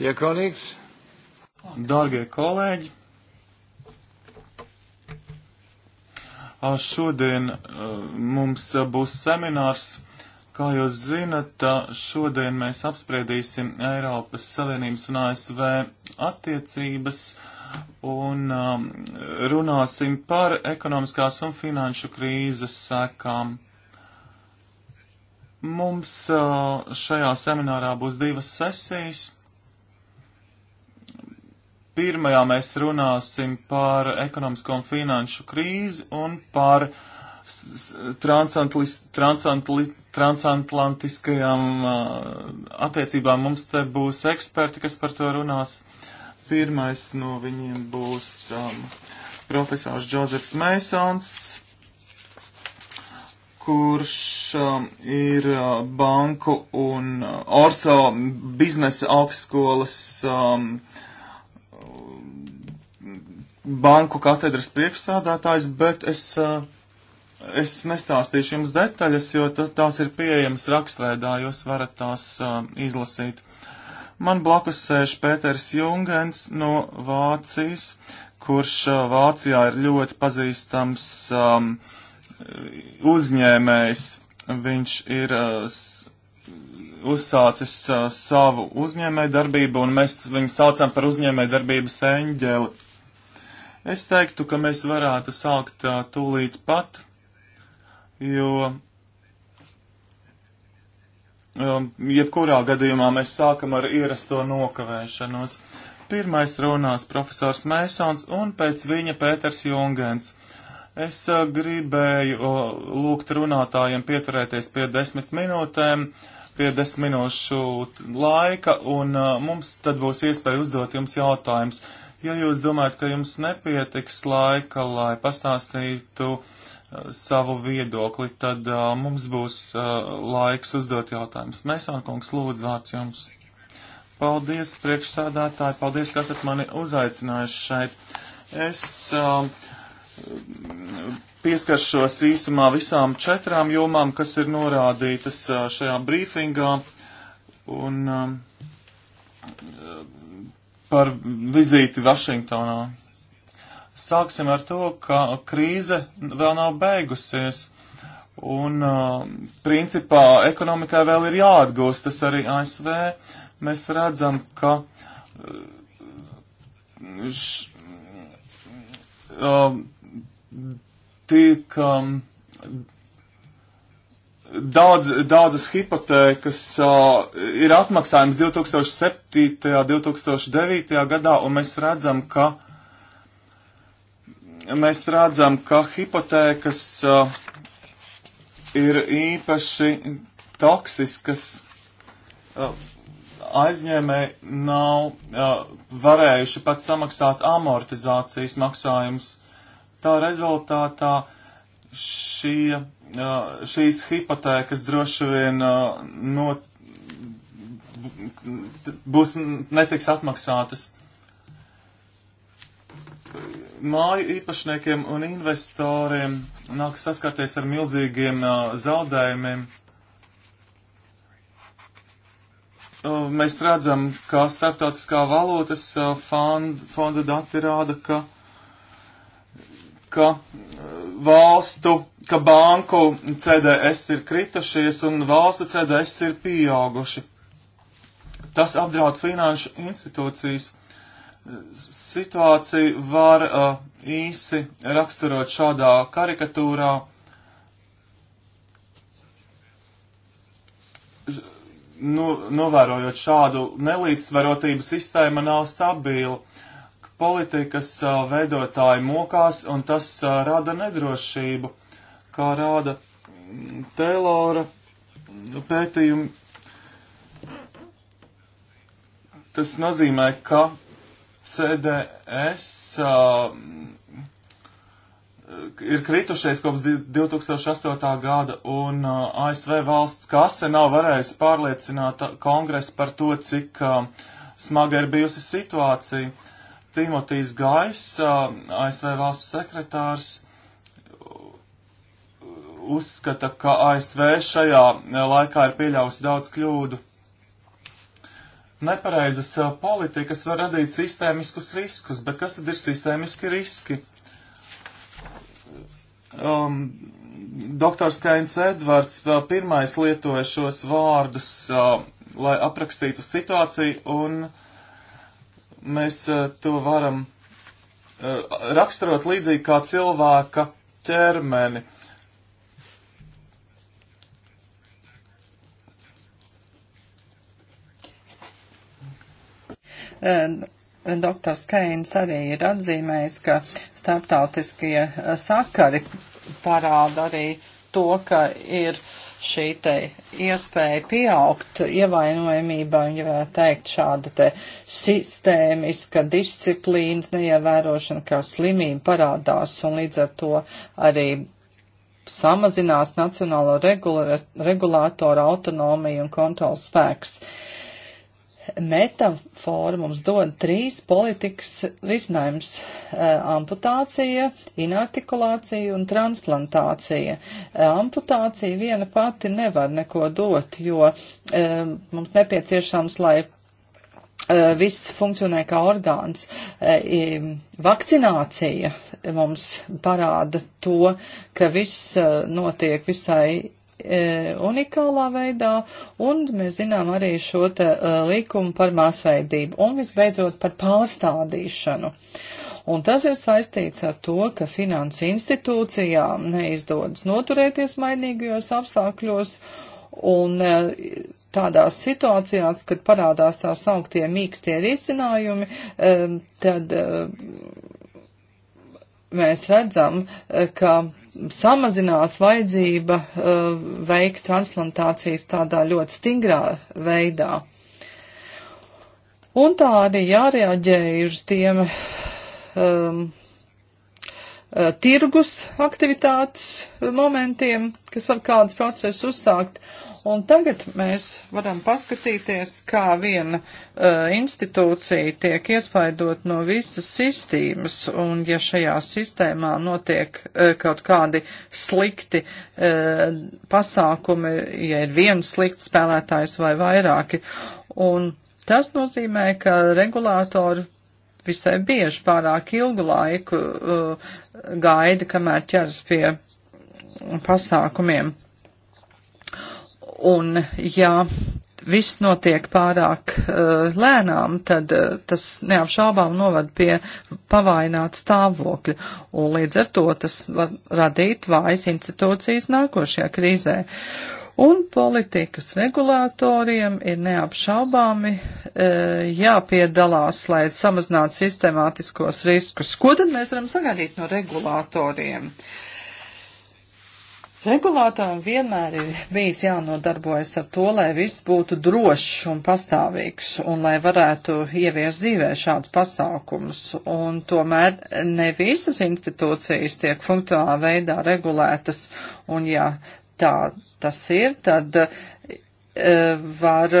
Dear colleagues, Dārgie kolēģi, šodien mums būs seminārs. Kā jūs zinat, šodien mēs apspriedīsim Eiropas Savienības un ASV attiecības un runāsim par ekonomiskās un finanšu krīzes sekām. Mums šajā seminārā būs divas sesijas. Pirmajā mēs runāsim par ekonomisko un finanšu krīzi un par transantli, transatlantiskajām attiecībām. Mums te būs eksperti, kas par to runās. Pirmais no viņiem būs um, profesors Džozefs Meisons, kurš um, ir uh, banku un uh, Orso biznesa augstskolas um, uh, banku katedras priekšsādātājs, bet es, eh, es nestāstīšu jums detaļas, jo tās ir pieejamas rakstveidā, jūs varat tās eh, izlasīt. Man blakus sēž Pēters Jungens no Vācijas, kurš eh, Vācijā ir ļoti pazīstams um, uzņēmējs. Viņš ir uh, uzsācis uh, savu uzņēmēju darbību, un mēs viņu saucam par uzņēmēju darbības eņģeli. Es teiktu, ka mēs varētu sākt uh, tūlīt pat, jo um, jebkurā gadījumā mēs sākam ar ierasto nokavēšanos. Pirmais runās profesors Mēsons un pēc viņa Pēters Jungens. Es uh, gribēju uh, lūgt runātājiem pieturēties pie desmit minūtēm. Uh, pie desmit minūšu laika, un uh, mums tad būs iespēja uzdot jums jautājumus. Ja jūs domājat, ka jums nepietiks laika, lai pastāstītu uh, savu viedokli, tad uh, mums būs uh, laiks uzdot jautājumus. Mēsākungs, lūdzu, vārds jums. Paldies, priekšsādātāji, paldies, kas at mani uzaicinājuši šeit. Es uh, Pieskaršos īsumā visām četrām jomām, kas ir norādītas šajā brīfingā, un par vizīti Vašingtonā. Sāksim ar to, ka krīze vēl nav beigusies. Un, principā, ekonomikai vēl ir jāatgūst, tas arī ASV. Mēs redzam, ka š, um, tiek um, daudz, daudzas hipotēkas uh, ir atmaksājums 2007. un 2009. gadā, un mēs redzam, ka, mēs redzam, ka hipotēkas uh, ir īpaši toksiskas. Uh, aizņēmēji nav uh, varējuši pat samaksāt amortizācijas maksājumus Tā rezultātā šie, šīs hipotēkas droši vien no, būs netiks atmaksātas. Māju īpašniekiem un investoriem nāk saskarties ar milzīgiem zaudējumiem. Mēs redzam, ka starptautiskā valūtas fonda dati rāda, ka ka eh, valstu, ka banku CDS ir kritušies un valstu CDS ir pieauguši. Tas apdraud finanšu institūcijas. Situāciju var uh, īsi raksturot šādā karikatūrā. Nu, novērojot šādu nelīdzsvarotību, sistēma nav stabila politikas veidotāji mokās, un tas rada nedrošību, kā rāda mm, Teilora pētījumi. Tas nozīmē, ka CDS uh, mm, ir kritušies kopš 2008. gada, un uh, ASV valsts kase nav varējusi pārliecināt kongresu par to, cik uh, smaga ir bijusi situācija. Uh, Timotijs Gais, ASV valsts sekretārs, uzskata, ka ASV šajā laikā ir pieļāvusi daudz kļūdu. Nepareizas politikas var radīt sistēmiskus riskus, bet kas tad ir sistēmiski riski? Um, Doktors Kains Edvards pirmais lietoja šos vārdus, uh, lai aprakstītu situāciju un uh, mēs eh, to varam eh, raksturot līdzīgi kā cilvēka ķermeni. Doktors Keins arī ir atzīmējis, ka starptautiskie eh, sakari parāda arī to, ka ir uh, šī te iespēja pieaugt ievainojamībai, un, ja varētu teikt, šāda te sistēmiska disciplīnas neievērošana, kā slimība parādās, un līdz ar to arī samazinās nacionālo regulātoru autonomiju un kontrolas spēks. Uh, metāfora mums dod trīs politikas risinājums eh, - amputācija, inartikulācija un transplantācija. Eh, amputācija viena pati nevar neko dot, jo eh, mums nepieciešams, lai viss funkcionē kā orgāns. Vakcinācija mums parāda to, ka viss notiek visai e, unikālā veidā, un mēs zinām arī šo te e, likumu par māsveidību, un visbeidzot par pārstādīšanu. Un tas ir saistīts ar to, ka finansu institūcijām neizdodas noturēties mainīgajos apstākļos, un e, tādās situācijās, kad parādās tā sauktie mīkstie risinājumi, e, tad. E, mēs redzam, e, ka samazinās vajadzība uh, veikt transplantācijas tādā ļoti stingrā veidā. Un tā arī jārēģē uz tiem um, uh, tirgus aktivitātes momentiem, kas var kādas procesus uzsākt. Un tagad mēs varam paskatīties, kā viena uh, institūcija tiek iespaidot no visas sistēmas, un ja šajā sistēmā notiek uh, kaut kādi slikti uh, pasākumi, ja ir viens slikts spēlētājs vai vairāki, un tas nozīmē, ka regulātori visai bieži pārāk ilgu laiku uh, gaida, kamēr ķers pie pasākumiem. Un, ja viss notiek pārāk uh, lēnām, tad uh, tas neapšaubām novad pie pavaināta stāvokļa, un līdz ar to tas var radīt vājas institūcijas nākošajā krīzē. Un politikas regulātoriem ir neapšaubāmi e, jāpiedalās, lai samazinātu sistemātiskos riskus. Ko tad mēs varam sagaidīt no regulātoriem? E, Regulātoriem vienmēr ir bijis jānodarbojas ar to, lai viss būtu drošs un pastāvīgs un lai varētu ieviest dzīvē šāds pasākums. Un tomēr ne visas institūcijas tiek funkcionālā veidā regulētas. Un ja tā tas ir, tad e, var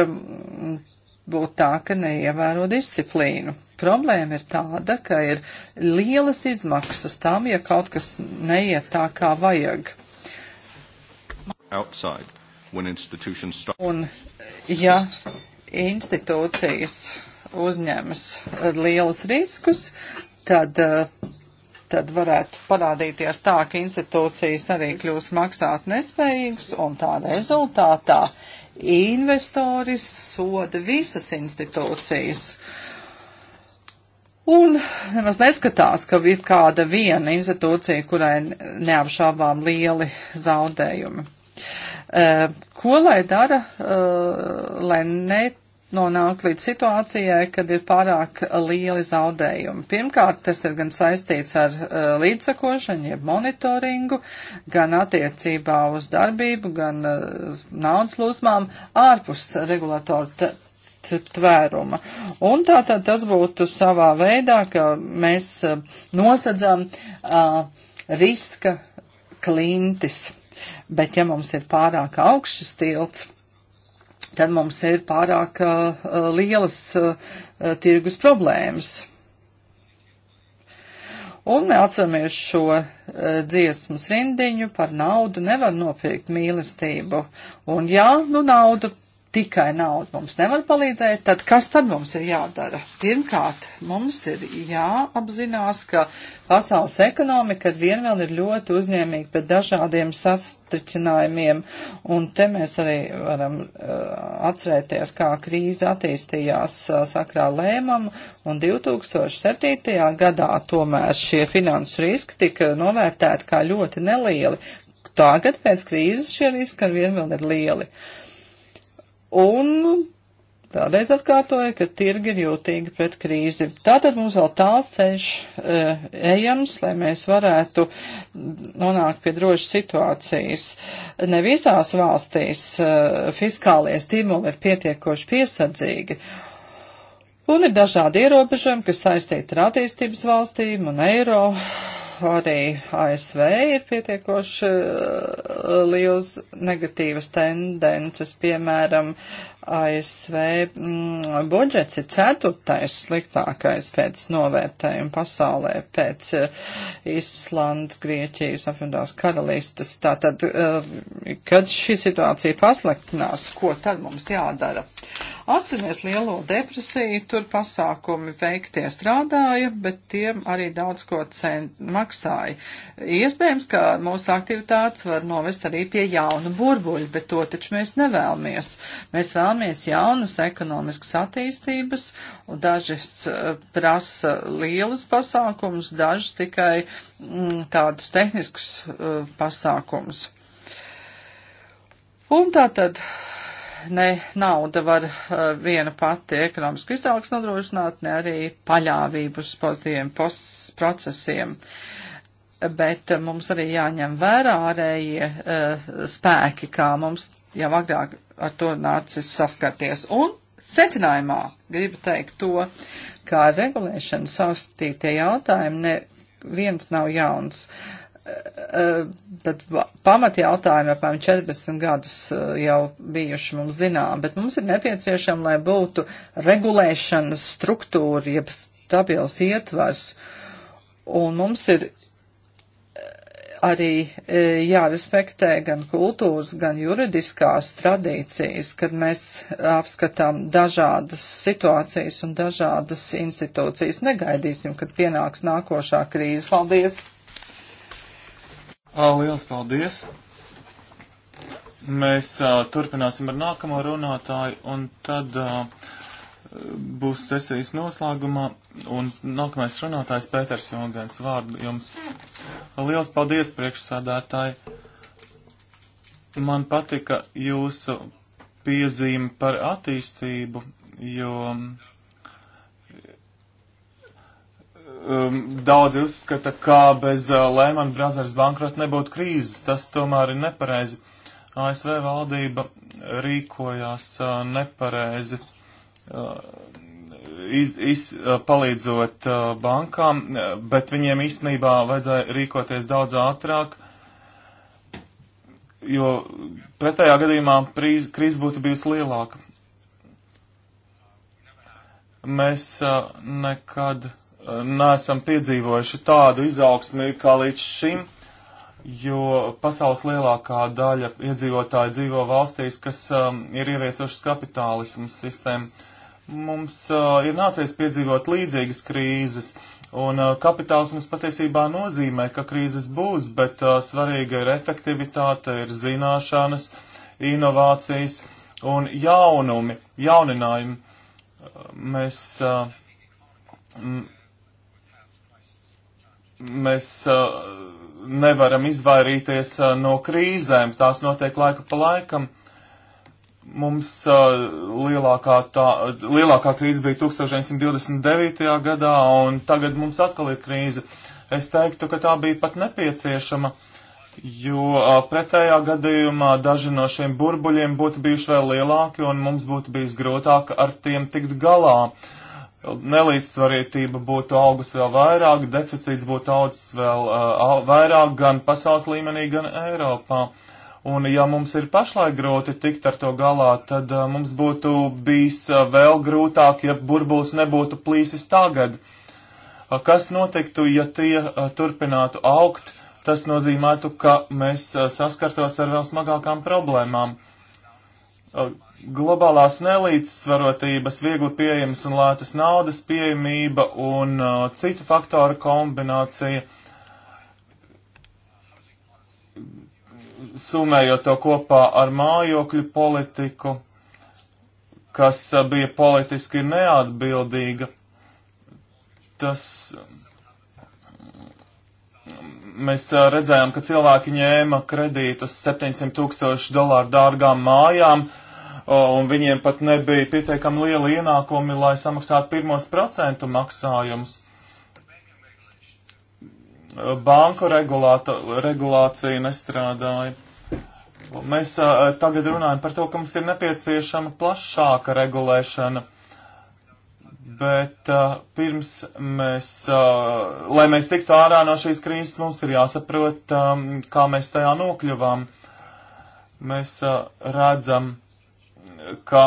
būt tā, ka neievēro disciplīnu. Problēma ir tāda, ka ir lielas izmaksas tam, ja kaut kas neiet tā, kā vajag outside when institutions start. Un, ja institūcijas uzņemas eh, lielus riskus, tad, eh, tad varētu parādīties tā, ka institūcijas arī kļūst maksāt nespējīgas, un tā rezultātā investori soda visas institūcijas. Un nemaz neskatās, ka ir kāda viena institūcija, kurai neapšābām lieli zaudējumi. Ko lai dara, lai ne nonāk līdz situācijai, kad ir pārāk lieli zaudējumi. Pirmkārt, tas ir gan saistīts ar uh, līdzsakošanu, jeb monitoringu, gan attiecībā uz darbību, gan uh, uz naudas plūsmām ārpus regulatoru tvēruma. Un tātad tas būtu savā veidā, ka mēs uh, nosedzam uh, riska klintis. Bet ja mums ir pārāk augšas tilts, tad mums ir pārāk uh, uh lielas uh, uh, tirgus problēmas. Un mēs atceramies šo uh, dziesmas rindiņu par naudu nevar nopirkt mīlestību. Un jā, nu nauda tikai nauda mums nevar palīdzēt, tad kas tad mums ir jādara? Pirmkārt, mums ir jāapzinās, ka pasaules ekonomika vien vēl ir ļoti uzņēmīga pret dažādiem sastricinājumiem, un te mēs arī varam uh, atcerēties, kā krīze attīstījās uh, sakrā lēmam, un 2007. gadā tomēr šie finanšu riski tika novērtēti kā ļoti nelieli. Tagad pēc krīzes šie riski vien vēl ir lieli. Uh, un vēlreiz atkārtoju, ka tirgi ir jūtīgi pret krīzi. Tātad mums vēl tāls ceļš e, ejams, lai mēs varētu nonākt pie drošas situācijas. Ne visās valstīs e, fiskālie stimuli ir pietiekoši piesardzīgi. Un ir dažādi ierobežojumi, kas saistīti ar attīstības valstīm un eiro arī ASV ir pietiekoši uh, liels negatīvas tendences, piemēram, uh, ASV mm, budžets ir ceturtais sliktākais pēc novērtējuma pasaulē, pēc uh, Islandes, Grieķijas, apvienotās karalistas. Tātad, uh, kad šī situācija pasliktinās, ko tad mums jādara? Atcinies lielo depresiju, tur pasākumi veiktie strādāja, bet tiem arī daudz ko cent maksāja. Iespējams, ka mūsu aktivitātes var novest arī pie jauna burbuļa, bet to taču mēs nevēlamies. Mēs vēlamies vēlamies jaunas ekonomiskas attīstības, un dažas eh, prasa lielus pasākumus, dažas tikai m, mm, tādus tehniskus uh, pasākumus. Un tā tad ne nauda var uh, viena pati ekonomisku izaugs nodrošināt, ne arī paļāvību uz pozitīviem procesiem. Bet uh, mums arī jāņem vērā ārējie uh, spēki, kā mums jau agrāk ar to nācis saskarties. Un secinājumā gribu teikt to, kā regulēšana saustītie jautājumi neviens nav jauns. E, e, bet pamati jautājumi apmēram 40 gadus e, jau bijuši mums zinām, bet mums ir nepieciešama, lai būtu regulēšanas struktūra, jeb stabils ietvars. Un mums ir arī e, jārespektē gan kultūras, gan juridiskās tradīcijas, kad mēs apskatām dažādas situācijas un dažādas institūcijas. Negaidīsim, kad pienāks nākošā krīze. Paldies! Lielas paldies! Mēs uh, turpināsim ar nākamo runātāju un tad. Uh, būs sesijas noslēgumā, un nākamais runātājs Pēters Jongens vārdu jums. Liels paldies, priekšsādātāji! Man patika jūsu piezīme par attīstību, jo um, daudzi uzskata, ka bez uh, Lehman Brothers bankrota nebūtu krīzes. Tas tomēr ir nepareizi. ASV valdība rīkojās uh, nepareizi Uh, iz, iz, uh, palīdzot uh, bankām, bet viņiem īstenībā vajadzēja rīkoties daudz ātrāk, jo pretējā gadījumā krīze būtu bijusi lielāka. Mēs nekad neesam piedzīvojuši tādu izaugsmi kā līdz šim, jo pasaules lielākā daļa iedzīvotāji dzīvo valstīs, kas um, ir ieviesušas kapitālismu sistēmu. Mums uh, ir nācies piedzīvot līdzīgas krīzes, un uh, kapitālisms patiesībā nozīmē, ka krīzes būs, bet uh, svarīga ir efektivitāte, ir zināšanas, inovācijas un jaunumi, jauninājumi. Mēs, uh, mēs uh, nevaram izvairīties uh, no krīzēm, tās notiek laika pa laikam Mums uh, lielākā, tā, lielākā krīze bija 1929. gadā, un tagad mums atkal ir krīze. Es teiktu, ka tā bija pat nepieciešama, jo uh, pretējā gadījumā daži no šiem burbuļiem būtu bijuši vēl lielāki, un mums būtu bijis grūtāk ar tiem tikt galā. Uh, nelīdzsvarītība būtu augusi vēl vairāk, deficīts būtu augs vēl uh, vairāk gan pasaules līmenī, gan Eiropā. Un ja mums ir pašlaik grūti tikt ar to galā, tad uh, mums būtu bijis uh, vēl grūtāk, ja burbulis nebūtu plīsis tagad. Uh, kas notiktu, ja tie uh, turpinātu augt? Tas nozīmētu, ka mēs uh, saskartos ar vēl smagākām problēmām. Uh, globālās nelīdzsvarotības, viegli pieejamas un lētas naudas pieejamība un uh, citu faktoru kombinācija. Uh, summējot to kopā ar mājokļu politiku, kas eh, bija politiski neatbildīga, tas mm, mēs eh, redzējām, ka cilvēki ņēma kredītus 700 tūkstošu dolāru dārgām mājām, un viņiem pat nebija pietiekami liela ienākumi, lai samaksātu pirmos procentu maksājumus banku regulācija nestrādāja. Mēs a, tagad runājam par to, ka mums ir nepieciešama plašāka regulēšana, bet a, pirms mēs, a, lai mēs tiktu ārā no šīs krīzes, mums ir jāsaprot, kā mēs tajā nokļuvām. Mēs redzam, ka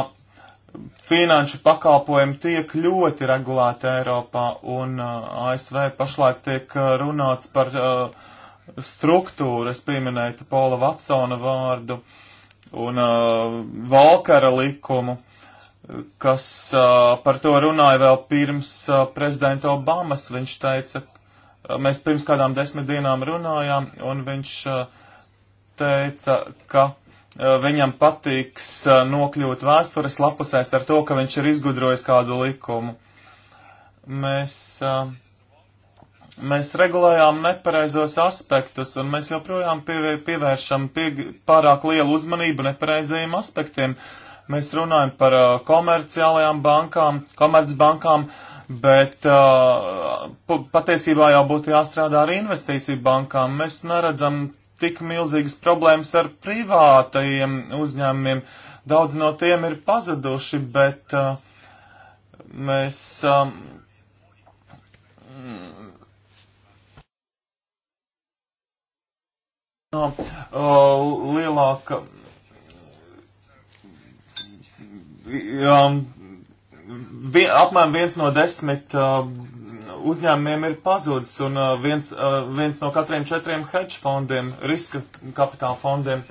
finanšu pakalpojumi tiek ļoti regulēti Eiropā, un uh, ASV pašlaik tiek uh, runāts par uh, struktūru, es pieminēju Paula Vatsona vārdu, un uh, Valkara likumu, kas uh, par to runāja vēl pirms uh, prezidenta Obamas, viņš teica, uh, mēs pirms kādām desmit dienām runājām, un viņš uh, teica, ka Eh, viņam patiks eh, nokļūt vēstures lapusēs ar to, ka viņš ir izgudrojis kādu likumu. Mēs, eh, mēs regulējām nepareizos aspektus, un mēs joprojām pievēršam pie, pārāk lielu uzmanību nepareizajiem aspektiem. Mēs runājam par komerciālajām bankām, komercbankām, bet uh, patiesībā jau būtu jāstrādā ar investīciju bankām. Mēs neredzam tik milzīgas problēmas ar privātajiem uzņēmumiem. Daudz no tiem ir pazuduši, bet uh, mēs. Um, No, uh, lielāka um, vi, apmēram viens no desmit uh, uzņēmumiem ir pazudis, un uh, viens, uh, viens no katriem četriem hedge fondiem, riska kapitāla fondiem,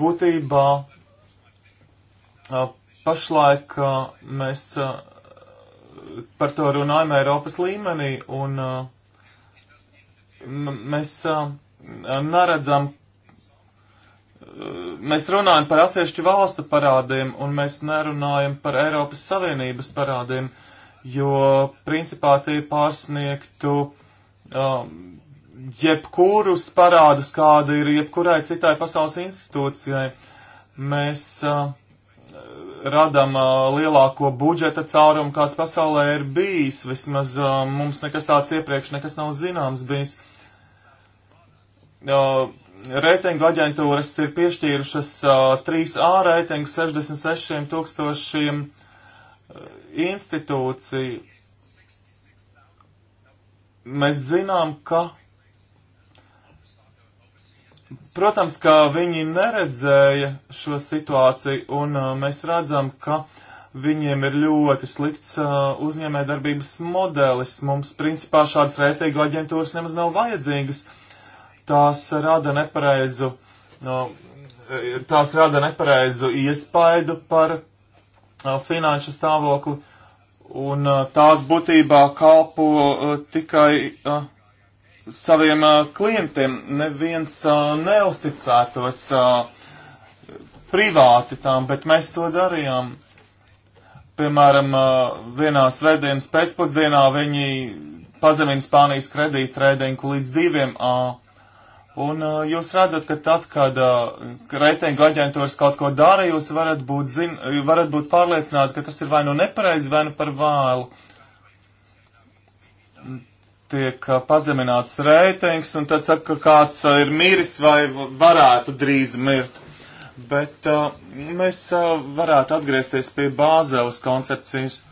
būtībā uh, pašlaik mēs par to runājam Eiropas līmenī, un mēs neredzam, mēs runājam par atsevišķu valstu parādiem, un mēs nerunājam par Eiropas Savienības parādiem. Uh, jo principā tie pārsniegtu um, jebkurus parādus, kāda ir jebkurai citai pasaules institūcijai. Mēs uh, radam uh, lielāko budžeta caurumu, kāds pasaulē ir bijis. Vismaz uh, mums nekas tāds iepriekš nekas nav zināms bijis. Uh, reitingu aģentūras ir piešķīrušas uh, 3A reitingu 66 tūkstošiem. 000 institūciju. Mēs zinām, ka, protams, ka viņi neredzēja šo situāciju, un uh, mēs redzam, ka viņiem ir ļoti slikts uh, uzņēmējdarbības modelis. Mums, principā, šādas reitingu aģentūras nemaz nav vajadzīgas. Tās rada nepareizu, eh, tās rada nepareizu iespaidu par finanšu stāvokli, un tās būtībā kalpo tikai saviem klientiem. Neviens neusticētos privāti tām, bet mēs to darījām. Piemēram, vienā svētdienas pēcpusdienā viņi pazemina Spānijas kredītrēdinku līdz diviem. Uh, Un uh, jūs redzat, ka tad, kad uh, reitingu aģentūras kaut ko dara, jūs varat būt, zin, varat būt pārliecināti, ka tas ir vai nu nepareizi, vai nu par vēlu. Tiek uh, pazemināts reitings, un tad saka, ka kāds uh, ir miris vai varētu drīz mirt. Bet uh, mēs uh, varētu atgriezties pie Bāzeles koncepcijas.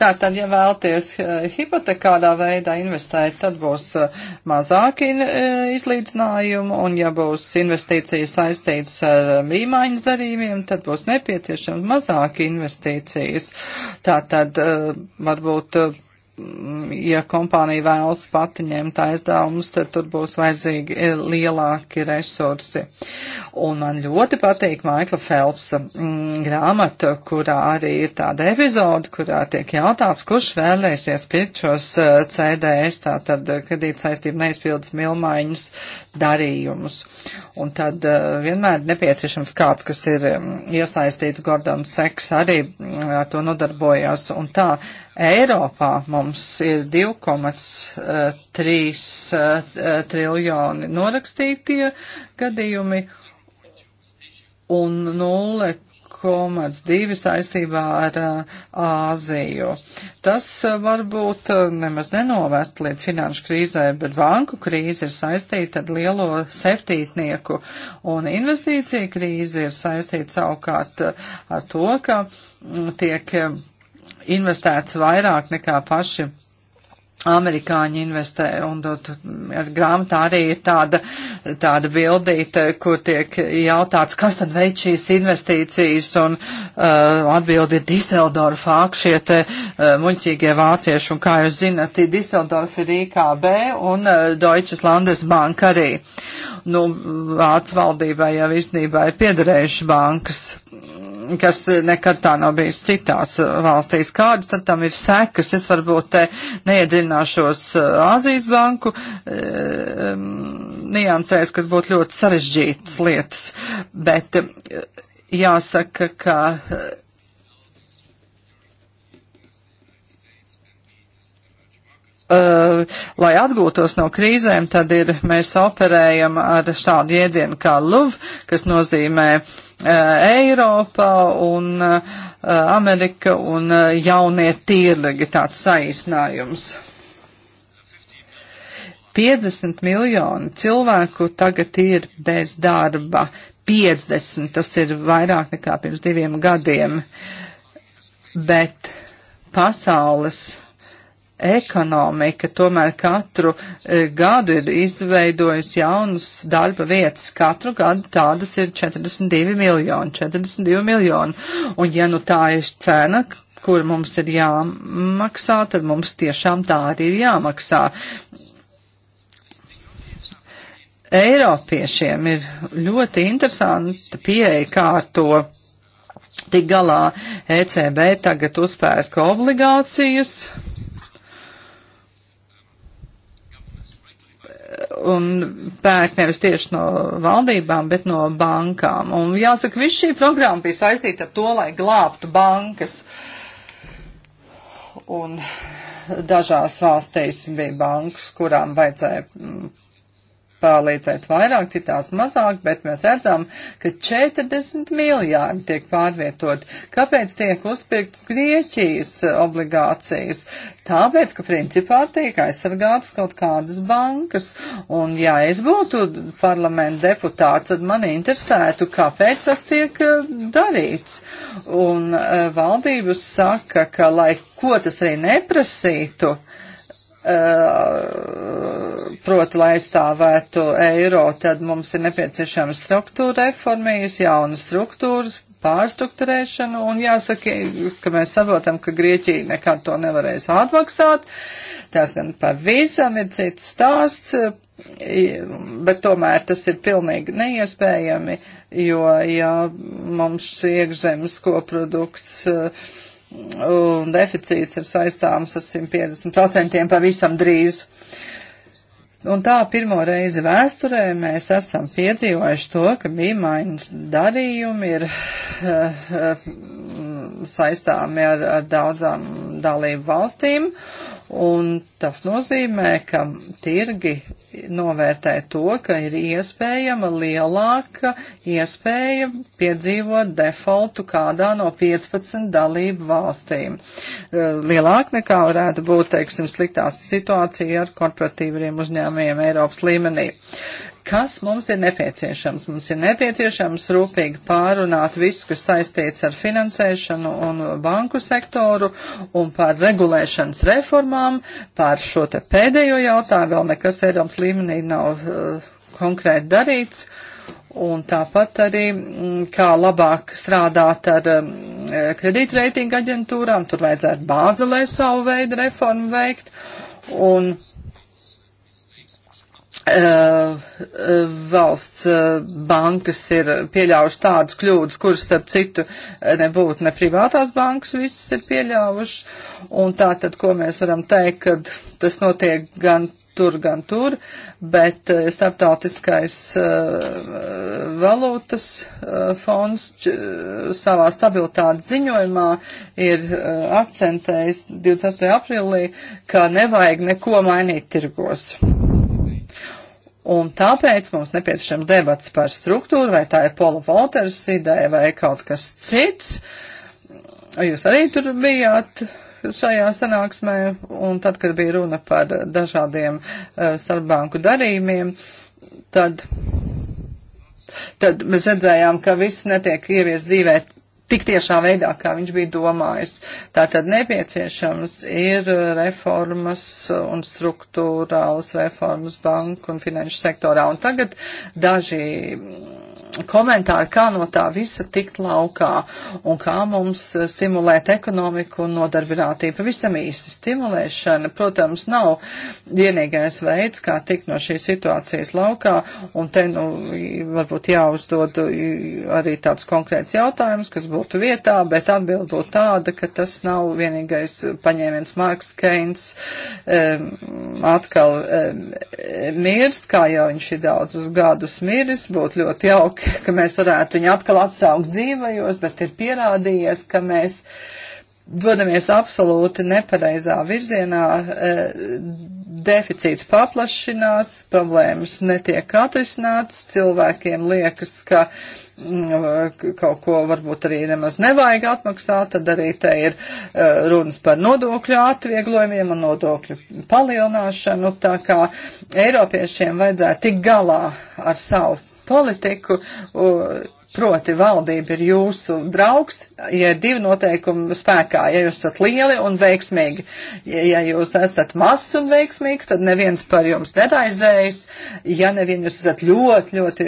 Tātad, ja vēlties eh, hipotekārā veidā investēt, tad būs eh, mazāk eh, izlīdzinājumu, un ja būs investīcijas saistītas ar mīmaiņas darījumiem, tad būs nepieciešams mazāk investīcijas. Tātad, varbūt ja kompānija vēlas pati ņemt aizdevumus, tad tur būs vajadzīgi eh, lielāki resursi. Un man ļoti patīk Maikla Felpsa mm, grāmata, kurā arī ir tāda epizode, kurā tiek jautāts, kurš vēlēsies pirkt šos eh, CDS, tātad eh, kredīt saistību neizpildas milmaiņas darījumus. Un tad vienmēr nepieciešams kāds, kas ir mm, iesaistīts Gordons Seks, arī mm, ar to nodarbojās. Un tā Eiropā mums mums ir 2,3 eh, eh, triljoni norakstītie gadījumi un 0,2 saistībā ar eh, Āziju. Tas varbūt nemaz nenovest līdz finanšu krīzē, bet banku krīze ir saistīta ar lielo septītnieku, un investīcija krīze ir saistīta savukārt ar to, ka mm, tiek investēts vairāk nekā paši amerikāņi investē, un ar grāmatā arī ir tāda, tāda bildīta, kur tiek jautāts, kas tad veic šīs investīcijas, un uh, atbildi ir Diseldorfa, ak, šie te uh, muļķīgie vācieši, un kā jūs zinat, Diseldorfa ir IKB un uh, Deutsches Landesbank arī. Nu, Vācu valdībai jau īstenībā ir piederējuši bankas kas nekad tā nav bijis citās uh, valstīs. Kādas tad tam ir sekas? Es varbūt te neiedziļināšos Āzijas uh, banku uh, um, niansēs, kas būtu ļoti sarežģītas lietas, bet jāsaka, ka Eh, lai atgūtos no krīzēm, tad ir, mēs operējam ar šādu jēdzienu kā LUV, kas nozīmē eh, Eiropa un eh, Amerika un jaunie tirgi, tāds saīsinājums. 50 miljoni cilvēku tagad ir bez darba. 50, tas ir vairāk nekā pirms diviem gadiem. Bet pasaules ekonomika tomēr katru e, gadu ir izveidojusi jaunas darba vietas. Katru gadu tādas ir 42 miljoni, 42 miljoni. Un ja nu tā ir cena, kur mums ir jāmaksā, tad mums tiešām tā arī ir jāmaksā. Eiropiešiem ir ļoti interesanta pieeja, kā ar to tik galā ECB tagad uzpērka obligācijas un pērk nevis tieši no valdībām, bet no bankām. Un jāsaka, viss šī programma bija saistīta ar to, lai glābtu bankas. Un dažās valstīs bija bankas, kurām vajadzēja palīdzēt vairāk, citās mazāk, bet mēs redzam, ka 40 miljārdi tiek pārvietot. Kāpēc tiek uzpirktas Grieķijas obligācijas? Tāpēc, ka principā tiek aizsargāts kaut kādas bankas. Un ja es būtu parlamenta deputāts, tad man interesētu, kāpēc tas tiek eh, darīts. Un eh, valdības saka, ka lai ko tas arī neprasītu, uh, Eh, proti, lai aizstāvētu eiro, tad mums ir nepieciešama struktūra reformijas, jaunas struktūras, pārstruktūrēšanu, un jāsaka, ka mēs saprotam, ka Grieķija nekad to nevarēs atmaksāt. Tas gan pavisam ir cits stāsts, bet tomēr tas ir pilnīgi neiespējami, jo, ja mums iekšzemes koprodukts uh, un deficīts ir saistāms ar 150% pavisam drīz. Un tā pirmo reizi vēsturē mēs esam piedzīvojuši to, ka mīmaiņas darījumi ir uh, uh, saistāmi ar, ar daudzām dalību valstīm. Uh, Un tas nozīmē, ka tirgi novērtē to, ka ir iespējama lielāka iespēja piedzīvot defaultu kādā no 15 dalību valstīm. E, lielāk nekā varētu būt, teiksim, sliktās situācija ar korporatīviem uzņēmējiem Eiropas līmenī kas mums ir nepieciešams. Mums ir nepieciešams rūpīgi pārunāt visu, kas saistīts ar finansēšanu un banku sektoru un par regulēšanas reformām. Par šo te pēdējo jautājumu vēl nekas Eiropas līmenī nav uh, konkrēti darīts. Un tāpat arī, m, mm, kā labāk strādāt ar um, kredītreitinga aģentūrām, tur vajadzētu bāzelē savu veidu reformu veikt. Un, uh, Eh, eh, valsts eh, bankas ir pieļāvuši tādas kļūdas, kuras, starp citu, nebūtu ne privātās bankas visas ir pieļāvuši. Un tā tad, ko mēs varam teikt, kad tas notiek gan tur, gan tur, bet starptautiskais valūtas fonds savā stabilitātes ziņojumā ir akcentējis 28. aprīlī, ka nevajag neko mainīt tirgos. Un tāpēc mums nepieciešams debats par struktūru, vai tā ir Pola Volters ideja vai kaut kas cits. Jūs arī tur bijāt šajā sanāksmē, un tad, kad bija runa par dažādiem uh, starpbanku darījumiem, tad, tad mēs redzējām, ka viss netiek ievies dzīvē tik tiešā veidā, kā viņš bija domājis. Tātad nepieciešams ir reformas un struktūrālas reformas banku un finanšu sektorā. Un tagad daži komentāri, kā no tā visa tikt laukā un kā mums eh, stimulēt ekonomiku un nodarbinātību. Pavisam īsi stimulēšana, protams, nav vienīgais veids, kā tikt no šīs situācijas laukā, un te nu, varbūt jāuzdod arī tāds konkrēts jautājums, kas būtu vietā, bet atbild būtu tāda, ka tas nav vienīgais paņēmiens Marks Keins um, ehm, atkal um, mirst, kā jau viņš ir daudzus gadus miris, būtu ļoti jauki ka mēs varētu viņu atkal atsaukt dzīvajos, bet ir pierādījies, ka mēs dodamies absolūti nepareizā virzienā, e, deficīts paplašinās, problēmas netiek atrisināts, cilvēkiem liekas, ka mm, kaut ko varbūt arī nemaz nevajag atmaksāt, tad arī te ir e, runas par nodokļu atvieglojumiem un nodokļu palielināšanu, tā kā Eiropiešiem vajadzētu tik galā ar savu politiku. Uh, Proti valdība ir jūsu draugs, ja ir divi noteikumi spēkā, ja jūs esat lieli un veiksmīgi. Ja jūs esat mazs un veiksmīgs, tad neviens par jums neraizējas. Ja nevien jūs esat ļoti, ļoti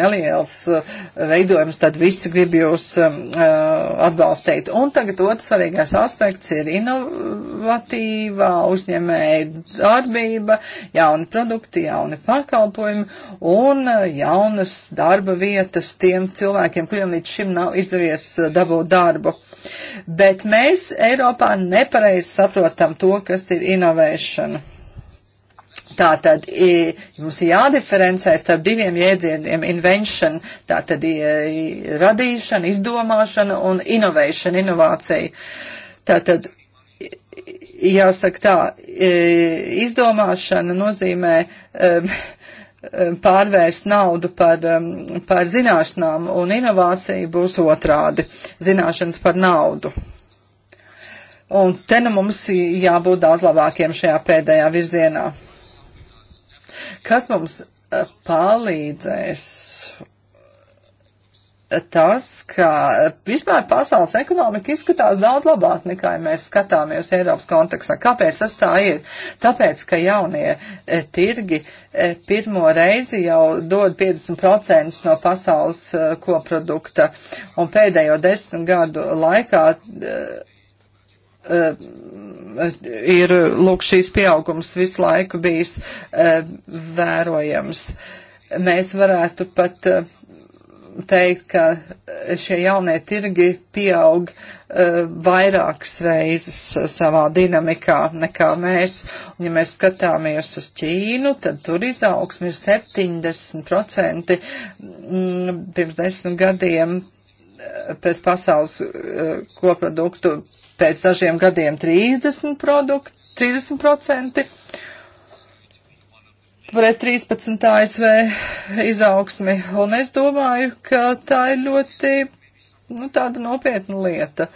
neliels uh, veidojums, tad visi grib jūs um, uh, atbalstīt. Un tagad otrs svarīgais aspekts ir inovatīvā uzņēmēja darbība, jauni produkti, jauni pakalpojumi un uh, jaunas darba vietas tiem cilvēkiem, kuriem līdz šim nav izdevies eh, dabūt darbu. Bet mēs Eiropā nepareizi saprotam to, kas ir inovēšana. Tātad mums ir jādiferencē starp diviem jēdzieniem - invention, tātad radīšana, izdomāšana un innovation, inovācija. Tātad jāsaka tā, izdomāšana nozīmē um, Um, pārvērst naudu par, um, par zināšanām un inovāciju būs otrādi - zināšanas par naudu. Un te nu mums jābūt daudz labākiem šajā pēdējā virzienā. Kas mums uh, palīdzēs tas, ka vispār pasaules ekonomika izskatās daudz labāk nekā ja mēs skatāmies Eiropas kontekstā. Kāpēc tas tā ir? Tāpēc, ka jaunie e, tirgi e, pirmo reizi jau dod 50% no pasaules e, koprodukta, un pēdējo desmit gadu laikā e, e, ir, lūk, šīs pieaugums visu laiku bijis e, vērojams. Mēs varētu pat. E, teikt, ka eh, šie jaunie tirgi pieaug uh, vairākas reizes eh, savā dinamikā nekā mēs. Un, ja mēs skatāmies uz Ķīnu, tad tur izaugsme ir 70% mm, pirms desmit gadiem pret pasaules uh, koproduktu, pēc dažiem gadiem 30%. 30% pret 13 ASV izaugsmi, un es domāju, ka tā ir ļoti nu, tāda nopietna lieta.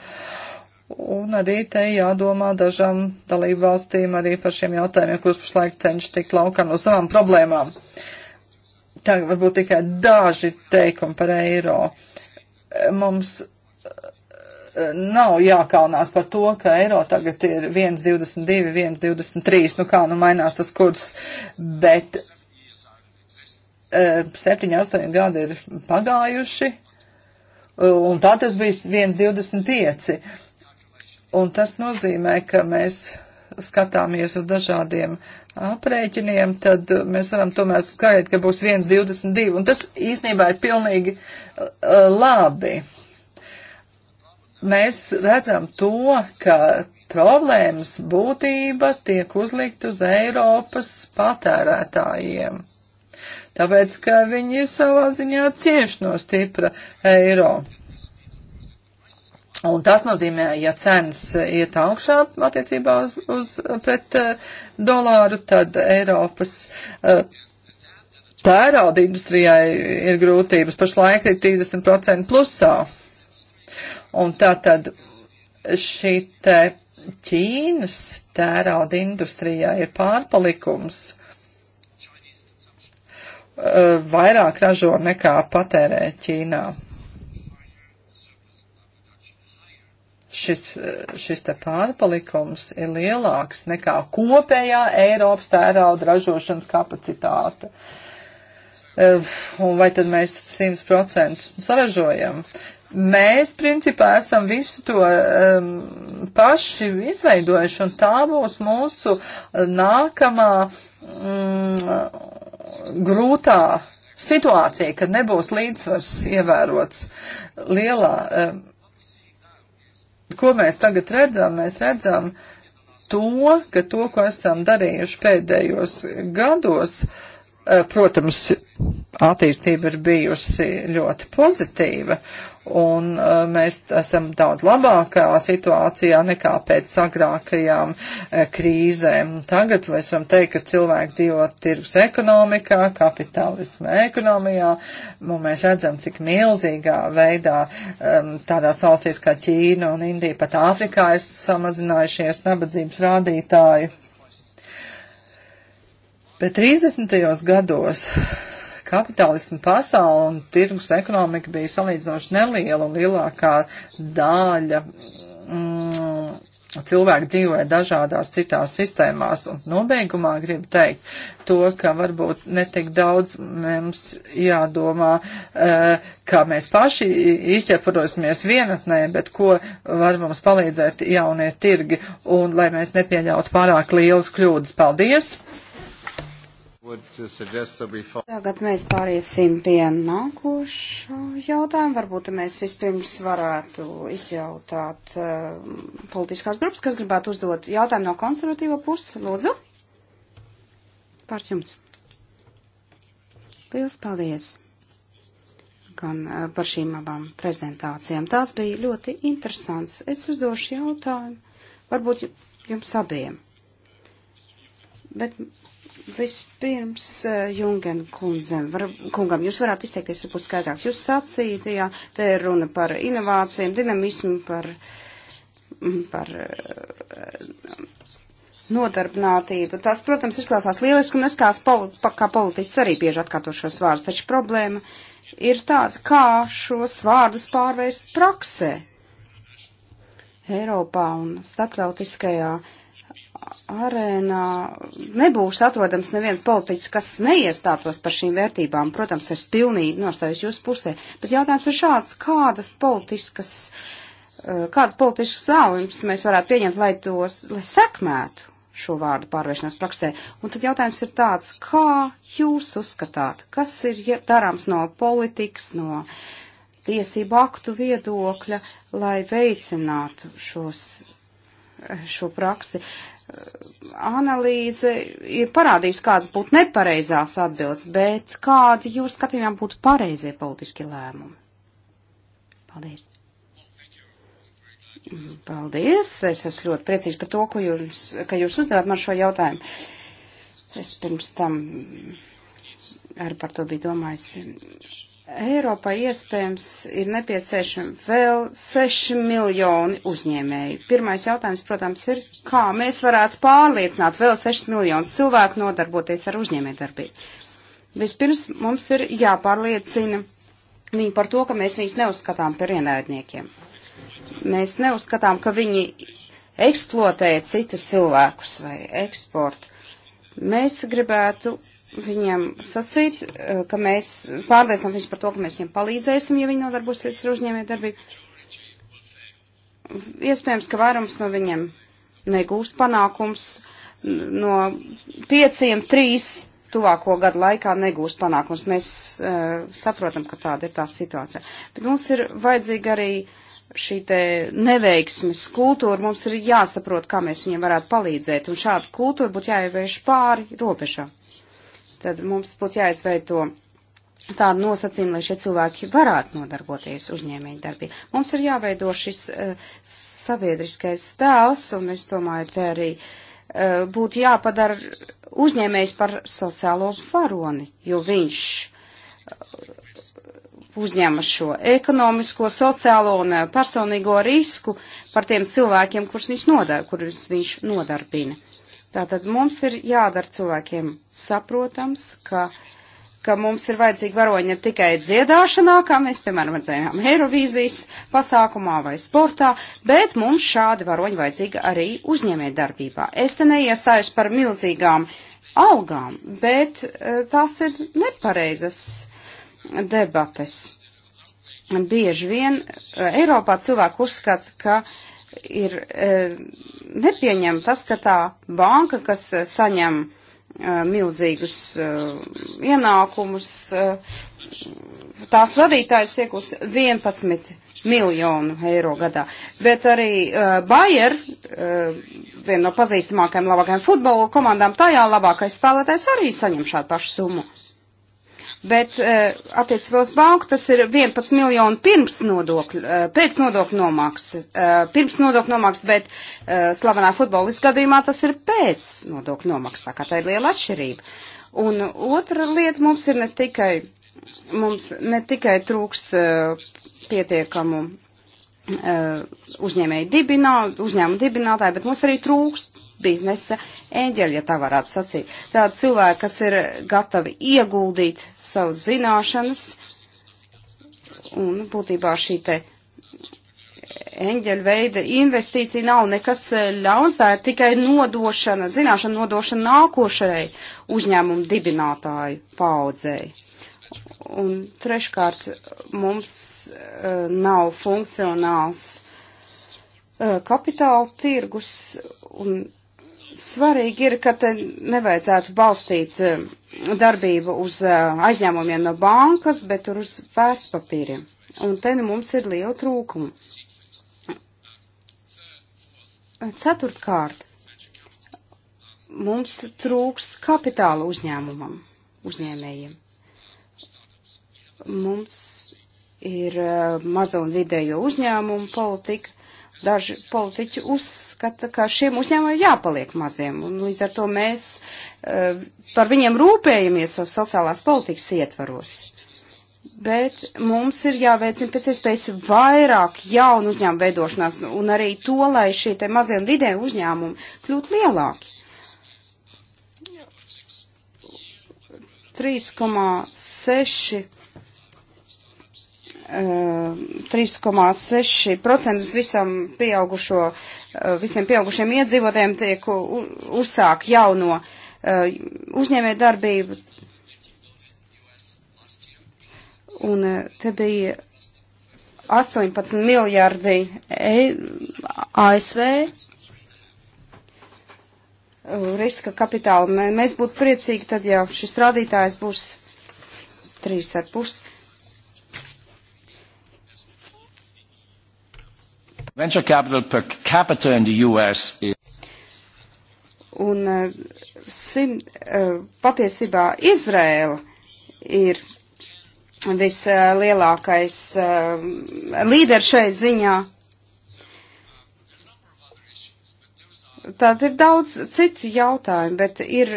Un arī te jādomā dažām dalību valstīm arī par šiem jautājumiem, kurus pašlaik cenšas tikt laukā no savām problēmām. Tā varbūt tikai daži teikumi par eiro. Mums nav jākaunās par to, ka eiro tagad ir 1,22, 1,23, nu kā nu mainās tas kurs, bet uh, 7, 8 gadi ir pagājuši, e, un tā tas bija 1,25. Un tas nozīmē, ka mēs skatāmies uz dažādiem aprēķiniem, tad mēs varam tomēr skaidrot, ka būs 1,22, un tas īstenībā ir pilnīgi uh, labi mēs redzam to, ka problēmas būtība tiek uzlikt uz Eiropas patērētājiem. Tāpēc, ka viņi savā ziņā cieš no stipra eiro. Un tas nozīmē, ja cenas iet augšā attiecībā uz, uz pret uh, dolāru, tad Eiropas uh, tērauda industrijai ir grūtības. Pašlaik ir 30% plusā. Uh, Un tā tad šī te Ķīnas tērauda industrijā ir pārpalikums eh, vairāk ražo nekā patērē Ķīnā. Šis, eh, šis te pārpalikums ir lielāks nekā kopējā Eiropas tērauda ražošanas kapacitāte. Eh, un vai tad mēs 100% saražojam? Mēs, principā, esam visu to um, paši izveidojuši, un tā būs mūsu uh, nākamā mm, grūtā situācija, kad nebūs līdzsvars ievērots lielā. Um, ko mēs tagad redzam? Mēs redzam to, ka to, ko esam darījuši pēdējos gados, uh, protams, attīstība ir bijusi ļoti pozitīva, un uh, mēs esam daudz labākā situācijā nekā pēc agrākajām uh, krīzēm. Tagad mēs varam teikt, ka cilvēki dzīvo tirgus ekonomikā, kapitālisma ekonomijā, un mēs redzam, cik milzīgā veidā um, tādās valstīs kā Ķīna un Indija, pat Āfrikā ir samazinājušies nabadzības rādītāji. Bet 30. gados kapitālismu pasauli un tirgus ekonomika bija salīdzinoši neliela un lielākā daļa mm, cilvēki dzīvoja dažādās citās sistēmās. Un nobeigumā gribu teikt to, ka varbūt netik daudz mums jādomā, eh, kā mēs paši izķeparosimies vienatnē, bet ko var mums palīdzēt jaunie tirgi un lai mēs nepieļautu pārāk lielas kļūdas. Paldies! Tagad mēs pāriesim pie nākošā jautājuma. Varbūt mēs vispirms varētu izjautāt uh, politiskās grupas, kas gribētu uzdot jautājumu no konservatīva puses. Lūdzu, pārs jums. Liels paldies gan uh, par šīm abām prezentācijām. Tās bija ļoti interesants. Es uzdošu jautājumu. Varbūt jums abiem. Bet Vispirms eh, Jungen kundzem, var, kungam, jūs varētu izteikties varbūt skaidrāk. Jūs sacījāt, jā, te ir runa par inovācijām, dinamismu, par, mm, par eh, nodarbinātību. Tas, protams, izklausās lieliski, un es kā, politi kā politiķis arī bieži atkārto šos vārdus, taču problēma ir tāda, kā šos vārdus pārvērst praksē. Eiropā un starptautiskajā arēnā nebūs atrodams neviens politiķis, kas neiestātos par šīm vērtībām. Protams, es pilnīgi nostājos jūsu pusē, bet jautājums ir šāds, kādas politiskas, eh, kādas politiskas zālums mēs varētu pieņemt, lai tos, lai sekmētu šo vārdu pārvēršanās praksē. Un tad jautājums ir tāds, kā jūs uzskatāt, kas ir darāms no politikas, no tiesību aktu viedokļa, lai veicinātu šos, eh, šo praksi analīze ir parādījusi, kādas būtu nepareizās atbildes, bet kādi jūs skatījumā būtu pareizie politiskie lēmumi? Paldies! Paldies! Es esmu ļoti priecīgs par to, jūs, ka jūs uzdevāt man šo jautājumu. Es pirms tam arī par to biju domājis. Eiropai iespējams ir nepieciešami vēl 6 miljoni uzņēmēju. Pirmais jautājums, protams, ir, kā mēs varētu pārliecināt vēl 6 miljonus cilvēku nodarboties ar uzņēmējdarbību. Vispirms mums ir jāpārliecina viņi par to, ka mēs viņus neuzskatām par ienaidniekiem. Mēs neuzskatām, ka viņi eksploatē citus cilvēkus vai eksportu. Mēs gribētu viņiem sacīt, eh, ka mēs pārliecinām viņus par to, ka mēs viņiem palīdzēsim, ja viņi nodarbosies ar uzņēmēju darbību. Iespējams, ka vairums no viņiem negūst panākums, no pieciem trīs tuvāko gadu laikā negūst panākums. Mēs uh, saprotam, ka tāda ir tā situācija. Bet mums ir vajadzīga arī šī te neveiksmes kultūra, mums ir jāsaprot, kā mēs viņiem varētu palīdzēt, un šādu kultūru būtu jāievērš pāri robežām tad mums būtu jāizveido tādu nosacījumu, lai šie cilvēki varētu nodarboties uzņēmēju darbību. Mums ir jāveido šis uh, sabiedriskais tēls, un es domāju, te arī uh, būtu jāpadara uzņēmējs par sociālo varoni, jo viņš uh, uzņemas šo ekonomisko, sociālo un personīgo risku par tiem cilvēkiem, kurus viņš, nodar, kurus viņš nodarbina. Tātad mums ir jādara cilvēkiem saprotams, ka, ka mums ir vajadzīga varoņa ne tikai dziedāšanā, kā mēs, piemēram, redzējām Eirovīzijas pasākumā vai sportā, bet mums šādi varoņi vajadzīga arī uzņēmē darbībā. Es te neiestājuši par milzīgām algām, bet eh, tās ir nepareizas debates. Bieži vien eh, Eiropā cilvēku uzskata, ka ir e, nepieņem tas, ka tā banka, kas e, saņem e, milzīgus e, ienākumus, e, tās vadītājs iegūs 11 miljonu eiro gadā. Bet arī uh, Bayer, uh, viena no pazīstamākajām labākajām futbola komandām, tajā labākais spēlētājs arī saņem šādu pašu summu. Uh, bet eh, attiecībā uz banku tas ir 11 miljoni pirms nodokļu, eh, pēc nodokļu nomaksas, eh, pirms nodokļu nomaksas, bet slavenā futbolistu gadījumā tas ir pēc nodokļu nomaksas, tā kā tā ir liela atšķirība. Un otra lieta mums ir ne tikai, mums ne tikai trūkst pietiekamu uzņēmēju dibinā, uzņēmumu dibinātāju, bet mums arī trūkst biznesa eņģeļi, ja tā varētu sacīt. Tāda cilvēka, kas ir gatavi ieguldīt savas zināšanas, un nu, būtībā šī te eņģeļa veida investīcija nav nekas eh, ļauns, tā ir tikai nodošana, zināšana nodošana nākošajai uzņēmumu dibinātāju paudzēji. Un treškārt, mums uh, nav funkcionāls uh, kapitāla tirgus, un Svarīgi ir, ka te nevajadzētu balstīt eh, darbību uz eh, aizņēmumiem no bankas, bet tur uz vērtspapīriem. Un te nu mums ir liela trūkuma. Ceturtkārt, mums trūkst kapitāla uzņēmumam, uzņēmējiem. Mums ir eh, mazo un vidējo uzņēmumu politika, Daži politiķi uzskata, ka šiem uzņēmumiem jāpaliek maziem, un līdz ar to mēs uh, par viņiem rūpējamies savas sociālās politikas ietvaros. Bet mums ir jāveicina pēc iespējas vairāk jaunu uzņēmumu veidošanās, un arī to, lai šie te mazie un vidē uzņēmumi kļūtu lielāki. 3,6 3,6% visam pieaugušo, eh, visiem pieaugušiem iedzīvotājiem tiek uzsāk jauno eh, uzņēmē darbību. Un eh, te bija 18 miljardi ASV riska kapitāla. Mēs būtu priecīgi tad, ja šis rādītājs būs 3,5 Venture capital per capita in the US is. Un eh, sim, eh, patiesībā Izrēla ir vislielākais eh, līderis šai ziņā. Tad ir daudz citu jautājumu, bet ir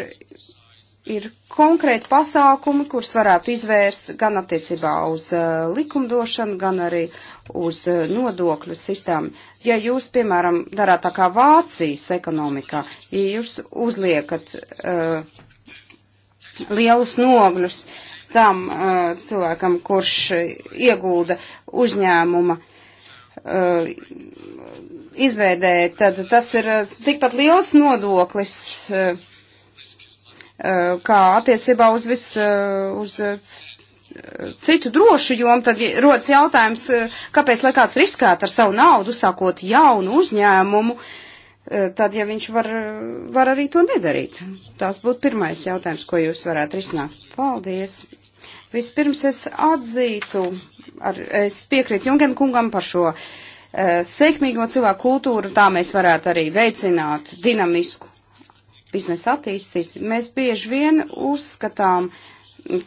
ir konkrēti pasākumi, kurus varētu izvērst gan attiecībā uz uh, likumdošanu, gan arī uz uh, nodokļu sistēmu. Ja jūs, piemēram, darāt tā kā Vācijas ekonomikā, ja jūs uzliekat uh, lielus nogļus tam uh, cilvēkam, kurš iegulda uzņēmuma uh, izveidē, tad tas ir uh, tikpat liels nodoklis. Uh, Eh, kā attiecībā uz vis, eh, uz eh, citu drošu jomu, tad rodas jautājums, kāpēc lai kāds riskētu ar savu naudu, sākot jaunu uzņēmumu, tad, ja viņš var, var arī to nedarīt. Tas būtu pirmais jautājums, ko jūs varētu risināt. Paldies! Vispirms es atzītu, ar, es piekrītu Jungen kungam par šo uh, sekmīgo cilvēku kultūru, tā mēs varētu arī veicināt dinamisku biznesa attīstīts, mēs bieži vien uzskatām,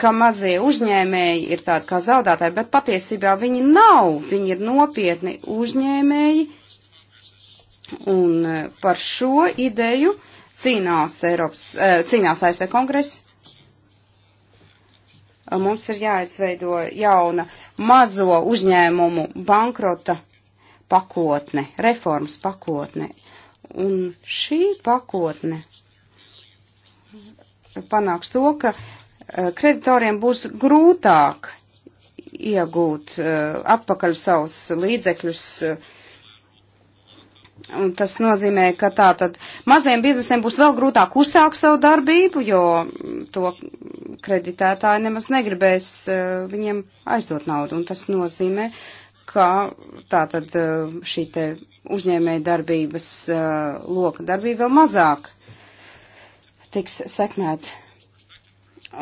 ka mazie uzņēmēji ir tādi kā zaudētāji, bet patiesībā viņi nav, viņi ir nopietni uzņēmēji, un e, par šo ideju cīnās, Eiropas, e, cīnās ASV kongress. E, mums ir jāizveido jauna mazo uzņēmumu bankrota pakotne, reformas pakotne. Un šī pakotne panāks to, ka eh, kreditoriem būs grūtāk iegūt eh, atpakaļ savus līdzekļus. Eh, un tas nozīmē, ka tā tad maziem biznesiem būs vēl grūtāk uzsākt savu darbību, jo to kreditētāji nemaz negribēs viņiem aizdot naudu. Un tas nozīmē, ka tā tad šī te uzņēmēja darbības loka darbība vēl mazāk tiks sekmēti.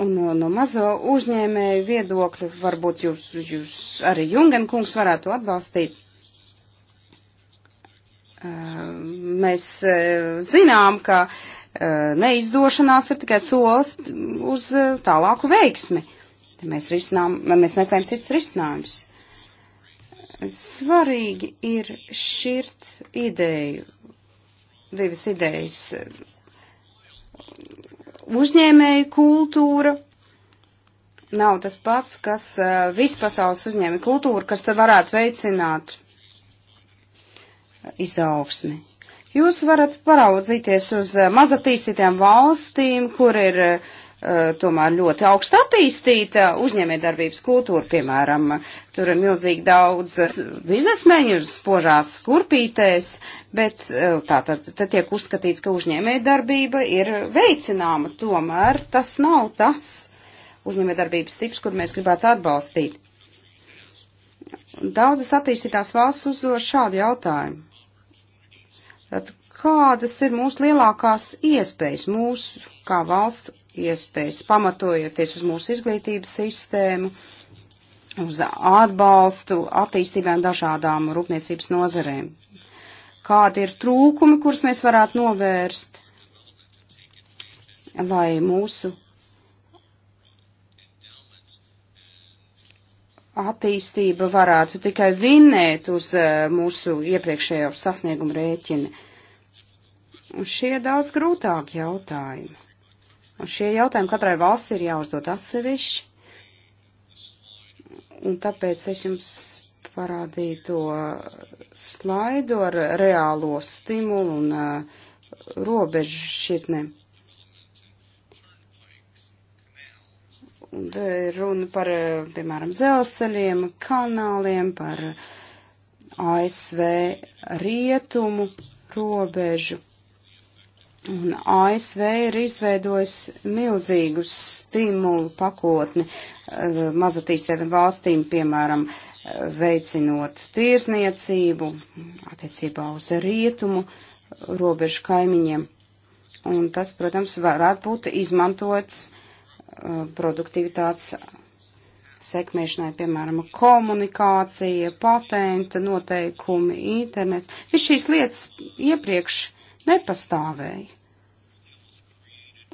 Un no, no mazo uzņēmēju viedokļu varbūt jūs, jūs arī Jungenkungs varētu atbalstīt. Mēs zinām, ka neizdošanās ir tikai solis uz tālāku veiksmi. Mēs, risinām, mēs meklējam cits risinājums. Svarīgi ir šķirt ideju, divas idejas uzņēmēju kultūra nav tas pats, kas uh, eh, vispasaules uzņēmēju kultūra, kas tad varētu veicināt eh, izaugsmi. Jūs varat paraudzīties uz eh, mazatīstītām valstīm, kur ir uh, Eh, tomēr ļoti augstu attīstīta uzņēmējdarbības kultūra, piemēram, tur ir milzīgi daudz biznesmeņu spožās kurpītēs, bet eh, tā tad, tad tiek uzskatīts, ka uzņēmējdarbība ir veicināma, tomēr tas nav tas uzņēmējdarbības tips, kur mēs gribētu atbalstīt. Daudzas attīstītās valsts uzdod šādu jautājumu. Tad kādas ir mūsu lielākās iespējas, mūsu kā valstu iespējas, pamatojoties uz mūsu izglītības sistēmu, uz atbalstu attīstībām dažādām rūpniecības nozarēm. Kādi ir trūkumi, kurus mēs varētu novērst, lai mūsu attīstība varētu tikai vinnēt uz eh, mūsu iepriekšējo sasniegumu rēķini? Un šie daudz grūtāki jautājumi. Un šie jautājumi katrai valsts ir jāuzdod atsevišķi. Un tāpēc es jums parādīju to slaidu ar reālo stimulu un uh, robežu šķirtnēm. Un runa par, uh, piemēram, dzelzceļiem, kanāliem, par ASV rietumu robežu. Un ASV ir izveidojis milzīgu stimulu pakotni eh, mazatīstiem valstīm, piemēram, eh, veicinot tiesniecību attiecībā uz rietumu robežu kaimiņiem. Un tas, protams, varētu būt izmantots eh, produktivitātes sekmēšanai, piemēram, komunikācija, patenta noteikumi, internets. Viss šīs lietas iepriekš nepastāvēja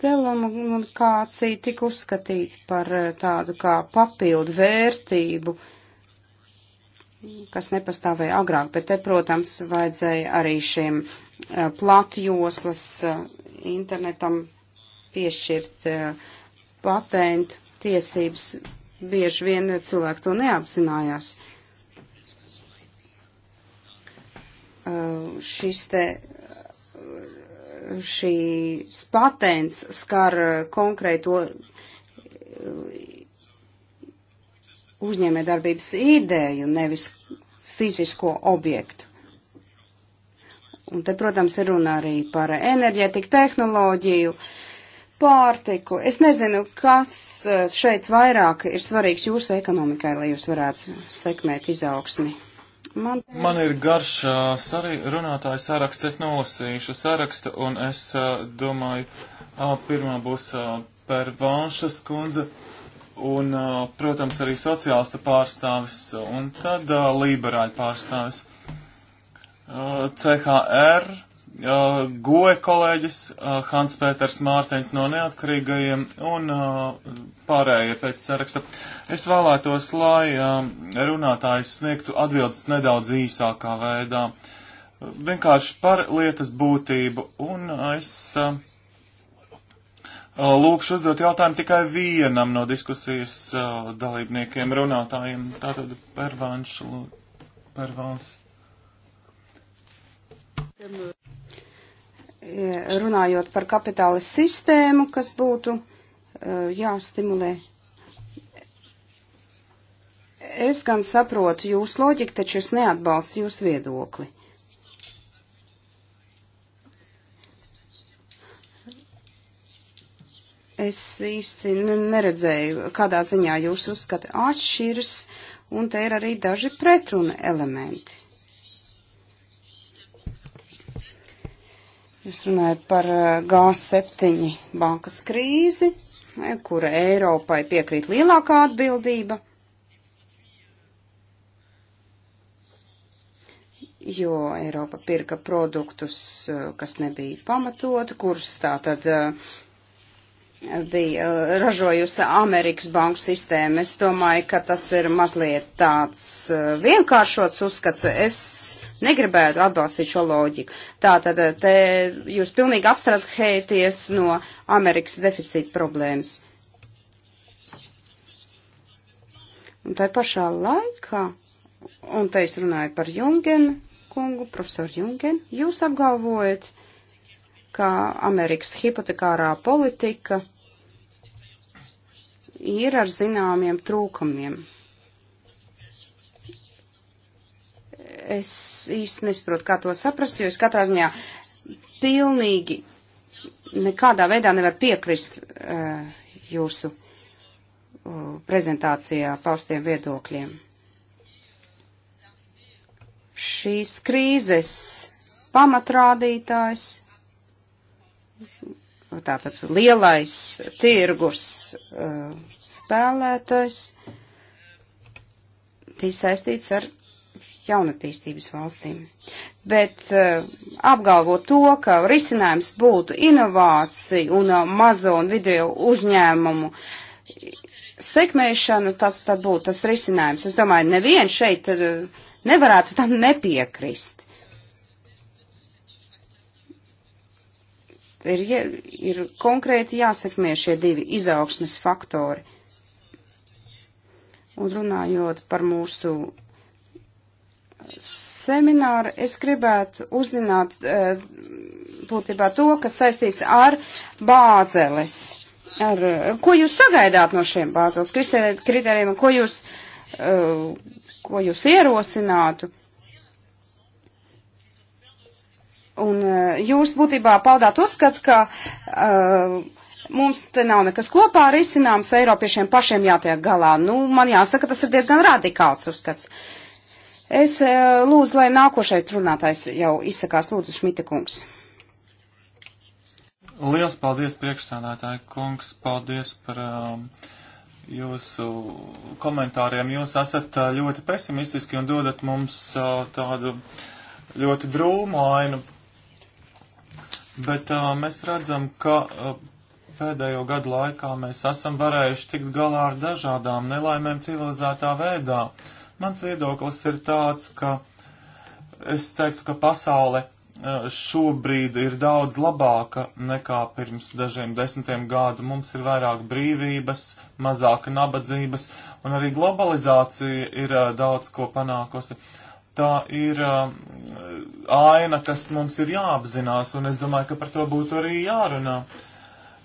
telekomunikācija tika uzskatīta par eh, tādu kā papildu vērtību, kas nepastāvēja agrāk, bet te, protams, vajadzēja arī šiem eh, platjoslas eh, internetam piešķirt patentu tiesības. Bieži vien cilvēki to neapzinājās. Šis te šīs patents skar konkrēto uh, uzņēmē darbības ideju, nevis fizisko objektu. Un te, protams, ir runa arī par enerģētiku, tehnoloģiju, pārtiku. Es nezinu, kas uh, šeit vairāk ir svarīgs jūsu ekonomikai, lai jūs varētu sekmēt izaugsmi. Man, Man ir garš sarī, runātāju saraksts, es nolasīšu sarakstu, un es domāju, pirmā būs Pervānšas kundze, un, protams, arī sociālista pārstāvis, un tad liberāļu pārstāvis. CHR Uh, Goe kolēģis uh, Hans Pēters Mārtiņš no neatkarīgajiem un uh, pārējie pēc saraksta. Es vēlētos, lai runātājs sniegtu atbildes nedaudz īsākā veidā, vienkārši par lietas būtību, un es lūkšu uzdot jautājumu tikai vienam no diskusijas dalībniekiem runātājiem, tātad Pervāns. Pervāns. E, runājot par kapitāla sistēmu, kas būtu e, jāstimulē. Es gan saprotu jūsu loģiku, taču es neatbalstu jūsu viedokli. Es īsti neredzēju, kādā ziņā jūs uzskata atšķiras, un te ir arī daži pretruna elementi. Jūs runājat par eh, G7 bankas krīzi, eh, kura Eiropai piekrīt lielākā atbildība, jo Eiropa pirka produktus, eh, kas nebija pamatoti, kurus tā tad bija uh, ražojusi Amerikas banku sistēmu. Es domāju, ka tas ir mazliet tāds uh, vienkāršots uzskats. Es negribētu atbalstīt šo loģiku. Tātad uh, te jūs pilnīgi abstrahēties no Amerikas deficīta problēmas. Un tai pašā laikā, un te es runāju par Jungenu kungu, profesoru Jungenu, jūs apgalvojat, ka Amerikas hipotekārā politika ir ar zināmiem trūkumiem. Es īsti nesaprotu, kā to saprast, jo es katrā ziņā pilnīgi nekādā veidā nevaru piekrist uh, jūsu uh, prezentācijā paustiem viedokļiem. Šīs krīzes pamatrādītājs Nu, tātad lielais tirgus uh, spēlētājs bija saistīts ar jaunatīstības valstīm. Bet uh, apgalvot to, ka risinājums būtu inovācija un uh, mazo un video uzņēmumu sekmēšanu, tas tad būtu tas risinājums. Es domāju, neviens šeit uh, nevarētu tam nepiekrist. ir, ir konkrēti jāsekmē šie divi izaugsmes faktori. Un runājot par mūsu semināru, es gribētu uzzināt eh, būtībā to, kas saistīts ar bāzeles. Ar, ko jūs sagaidāt no šiem bāzeles kritērijiem, ko jūs, eh, ko jūs ierosinātu? Un e, jūs būtībā paudāt uzskatu, ka uh, mums te nav nekas kopā ar izcināms, Eiropiešiem pašiem jātiek galā. Nu, man jāsaka, tas ir diezgan radikāls uzskats. Es uh, lūdzu, lai nākošais runātājs jau izsakās, lūdzu, Šmita kungs. Liels paldies, priekšsādātāji kungs, paldies par um, jūsu komentāriem. Jūs esat uh, ļoti pesimistiski un dodat mums uh, tādu ļoti drūmu ainu bet uh, mēs redzam, ka uh, pēdējo gadu laikā mēs esam varējuši tikt galā ar dažādām nelaimēm civilizētā veidā. Mans viedoklis ir tāds, ka es teiktu, ka pasaule uh, šobrīd ir daudz labāka nekā pirms dažiem desmitiem gadu. Mums ir vairāk brīvības, mazāka nabadzības, un arī globalizācija ir uh, daudz ko panākusi. Uh, tā ir uh, um, aina, kas mums ir jāapzinās, un es domāju, ka par to būtu arī jārunā.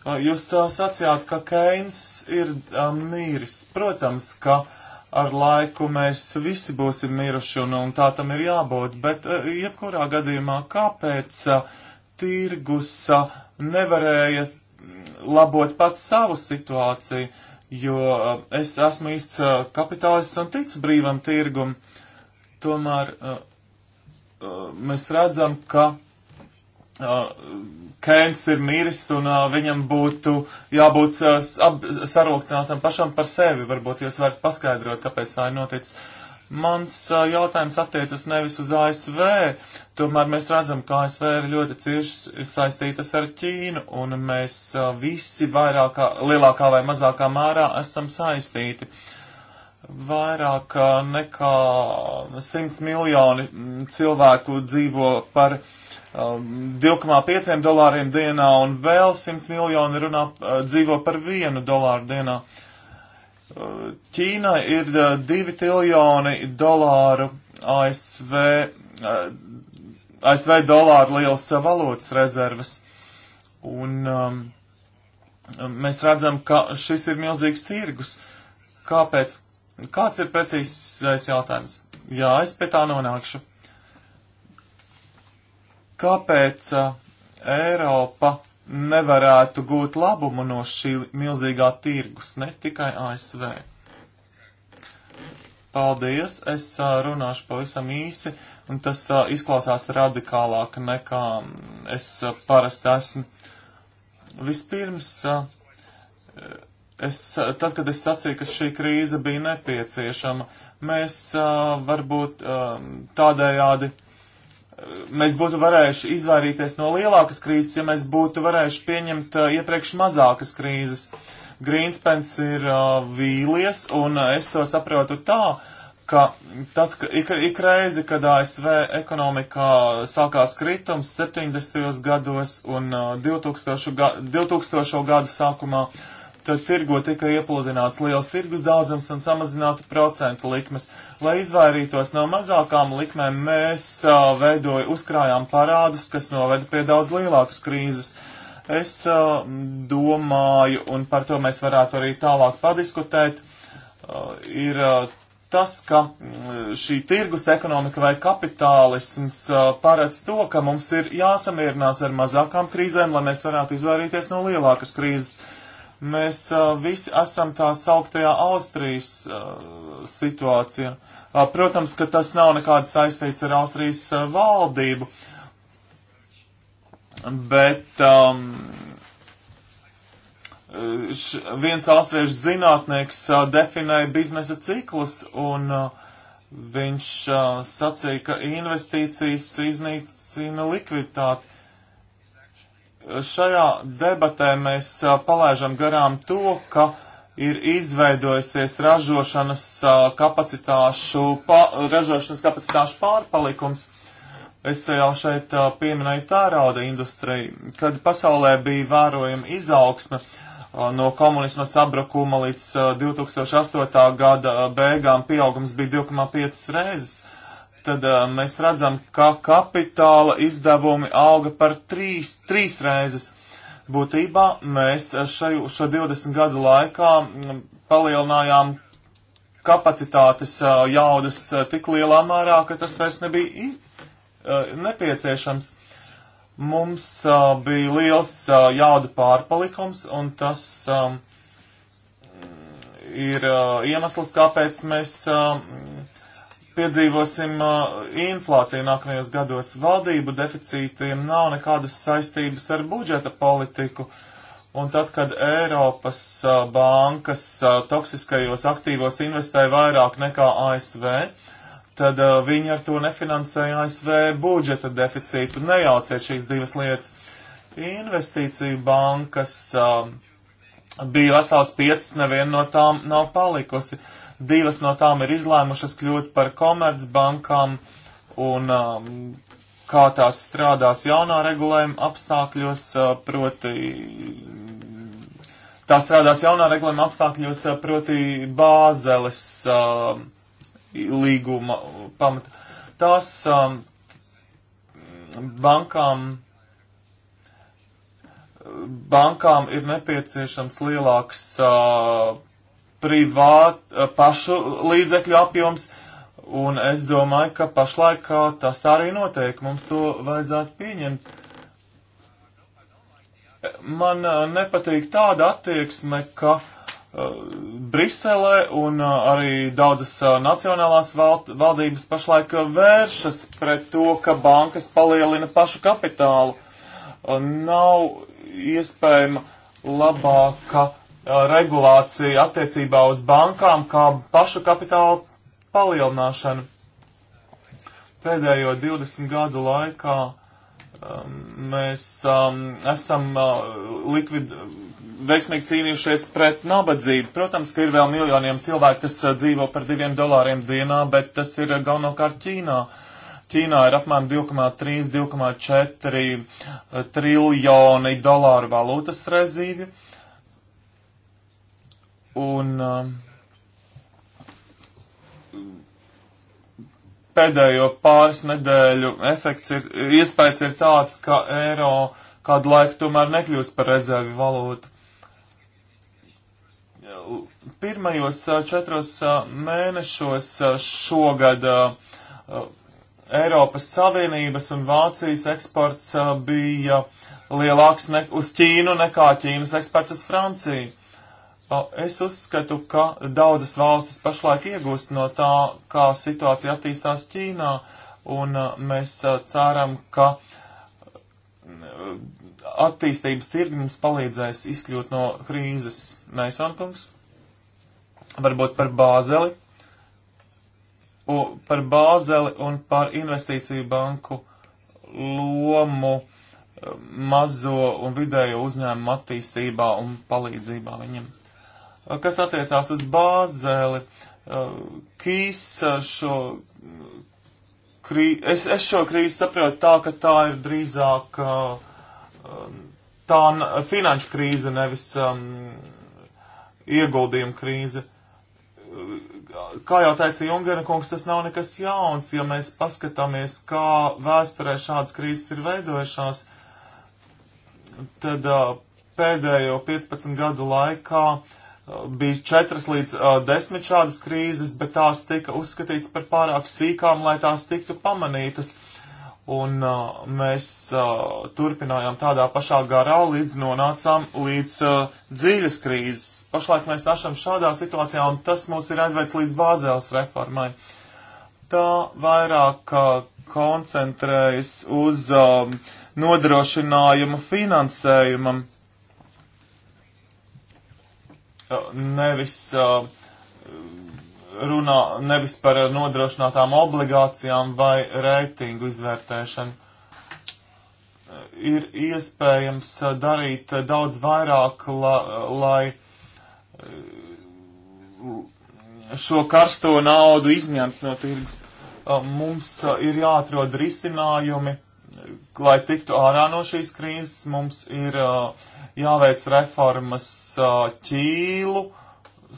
Uh, jūs uh, sacījāt, ka Keins ir uh, um, mīris. Protams, ka ar laiku mēs visi būsim miruši, un, un tā tam ir jābūt, bet uh, jebkurā gadījumā kāpēc uh, tirgus uh, nevarēja mm, labot pats savu situāciju, jo uh, es esmu īsts uh, kapitālists un ticu brīvam tirgumam Tomēr uh, uh, mēs redzam, ka uh, Kēns ir miris un uh, viņam būtu jābūt uh, ab, sarūktinātam pašam par sevi. Varbūt jūs varat paskaidrot, kāpēc tā ir noticis. Mans uh, jautājums attiecas nevis uz ASV, tomēr mēs redzam, ka ASV ir ļoti cieši saistītas ar Ķīnu, un mēs uh, visi vairākā, lielākā vai mazākā mērā esam saistīti. Uh, Vairāk nekā 100 miljoni cilvēku dzīvo par um, 2,5 dolāriem dienā, un vēl 100 miljoni runā, dzīvo par 1 dolāru dienā. Ķīna ir 2 triljoni dolāru ASV, ASV dolāru liels valodas rezerves. Un um, mēs redzam, ka šis ir milzīgs tirgus. Kāpēc? Kāds ir precīzais jautājums? Jā, es pie tā nonākšu. Kāpēc uh, Eiropa nevarētu gūt labumu no šī milzīgā tirgus, ne tikai ASV. Paldies, es uh, runāšu pavisam īsi, un tas uh, izklausās radikālāk nekā es parasti esmu. Vispirms Es, tad, kad es sacīju, ka šī krīze bija nepieciešama, mēs uh, varbūt uh, tādējādi, mēs būtu varējuši izvairīties no lielākas krīzes, ja mēs būtu varējuši pieņemt uh, iepriekš mazākas krīzes. Grīnspens ir uh, vīlies, un uh, es to saprotu tā, ka tad, ka ik, ik reizi, kad ASV ekonomikā sākās kritums 70. gados un uh, 2000, ga 2000. gadu sākumā, tad tirgo tika iepludināts liels tirgus daudzums un samazinātu procentu likmes. Lai izvairītos no mazākām likmēm, mēs uh, veidoju uzkrājām parādus, kas noveda pie daudz lielākas krīzes. Es uh, domāju, un par to mēs varētu arī tālāk padiskutēt, uh, ir uh, tas, ka šī tirgus ekonomika vai kapitālisms paredz to, ka mums ir jāsamierinās ar mazākām krīzēm, lai mēs varētu izvairīties no lielākas krīzes. Mēs uh, visi esam tā sauktajā Austrijas uh, situācijā. Uh, protams, ka tas nav nekāds saistīts ar Austrijas uh, valdību, bet um, š, viens austriešu zinātnieks uh, definēja biznesa ciklus un uh, viņš uh, sacīja, ka investīcijas iznīcina likviditāti. Šajā debatē mēs palaižam garām to, ka ir izveidojusies ražošanas kapacitāšu, pa, ražošanas kapacitāšu pārpalikums. Es jau šeit pieminēju tērauda industriju, kad pasaulē bija vērojama izaugsme no komunisma sabrukuma līdz 2008. gada beigām pieaugums bija 2,5 reizes tad uh, mēs redzam, ka kapitāla izdevumi auga par trīs, trīs reizes. Būtībā mēs šaju, šo 20 gadu laikā palielinājām kapacitātes uh, jaudas uh, tik lielā mērā, ka tas vairs nebija nepieciešams. Mums bija liels jauda pārpalikums, un tas ir iemesls, kāpēc mēs piedzīvosim uh, inflāciju nākamajos gados. Valdību deficītiem nav nekādas saistības ar budžeta politiku. Un tad, kad Eiropas uh, bankas uh, toksiskajos aktīvos investēja vairāk nekā ASV, tad viņi ar to nefinansēja ASV budžeta deficītu. Nejauciet šīs divas lietas. Investīciju bankas bija vesels piecas, neviena no tām nav palikusi. Uh, Divas no tām ir izlēmušas kļūt par komercbankām un um, kā tās strādās jaunā regulējuma apstākļos, uh, proti. Tā strādās jaunā regulējuma apstākļos, uh, proti bāzeles uh, līguma pamata. Tās um, bankām bankām ir nepieciešams lielāks uh, privāt, eh, pašu līdzekļu apjoms, un es domāju, ka pašlaik eh, tas tā arī notiek. Mums to vajadzētu pieņemt. Man eh, nepatīk tāda attieksme, ka. Brisele un arī daudzas nacionālās valdības pašlaik vēršas pret to, ka bankas palielina pašu kapitālu. Nav iespējama labāka Uh, regulāciju attiecībā uz bankām kā pašu kapitāla palielināšanu. Pēdējo 20 gadu laikā um, mēs um, esam uh, likvid, veiksmīgi cīnījušies pret nabadzību. Protams, ka ir vēl miljoniem cilvēku, kas uh, dzīvo par diviem dolāriem dienā, bet tas ir uh, galvenokārt Ķīnā. Ķīnā ir apmēram 2,3-2,4 uh, triljoni dolāru valūtas rezīvi. Uh, Un um, pēdējo pāris nedēļu efekts ir, iespējas ir tāds, ka eiro kādu laiku tomēr nekļūst par rezervi valūtu. Pirmajos uh, četros uh, mēnešos uh, šogad Eiropas Savienības un Vācijas eksports bija lielāks ne, uz Ķīnu nekā Ķīnas eksports uz Franciju. Es uzskatu, ka daudzas valstis pašlaik iegūst no tā, kā situācija attīstās Ķīnā, un uh, mēs uh, ceram, ka uh, attīstības tirgi mums palīdzēs izkļūt no krīzes. Neisankungs, varbūt par bāzeli, u, par bāzeli un par investīciju banku lomu mazo un vidējo uzņēmumu attīstībā un palīdzībā viņiem. Kas attiecās uz Bāzeli, uh, Kīs uh, šo krīzi, es, es šo krīzi saprotu tā, ka tā ir drīzāk uh, um, tā finanšu krīze, nevis um, ieguldījumu krīze. Kā jau teica Jungera kungs, tas nav nekas jauns, ja mēs paskatāmies, kā vēsturē šādas krīzes ir veidojušās, tad uh, pēdējo 15 gadu laikā uh, bija četras līdz uh, desmit šādas krīzes, bet tās tika uzskatītas par pārāk sīkām, lai tās tiktu pamanītas. Un uh, mēs uh, turpinājām tādā pašā garā, līdz nonācām līdz uh, dziļas krīzes. Pašlaik mēs esam šādā situācijā, un tas mūs ir aizveic līdz bāzēlas reformai. Tā vairāk uh, koncentrējas uz uh, nodrošinājumu finansējumam. Uh, nevis uh, runā nevis par nodrošinātām obligācijām vai reitingu izvērtēšanu. Ir iespējams uh, darīt daudz vairāk, la, lai uh, šo karsto naudu izņemt no tirgus. Mums ir jāatrod risinājumi lai tiktu ārā no šīs krīzes, mums ir uh, jāveic reformas uh, ķīlu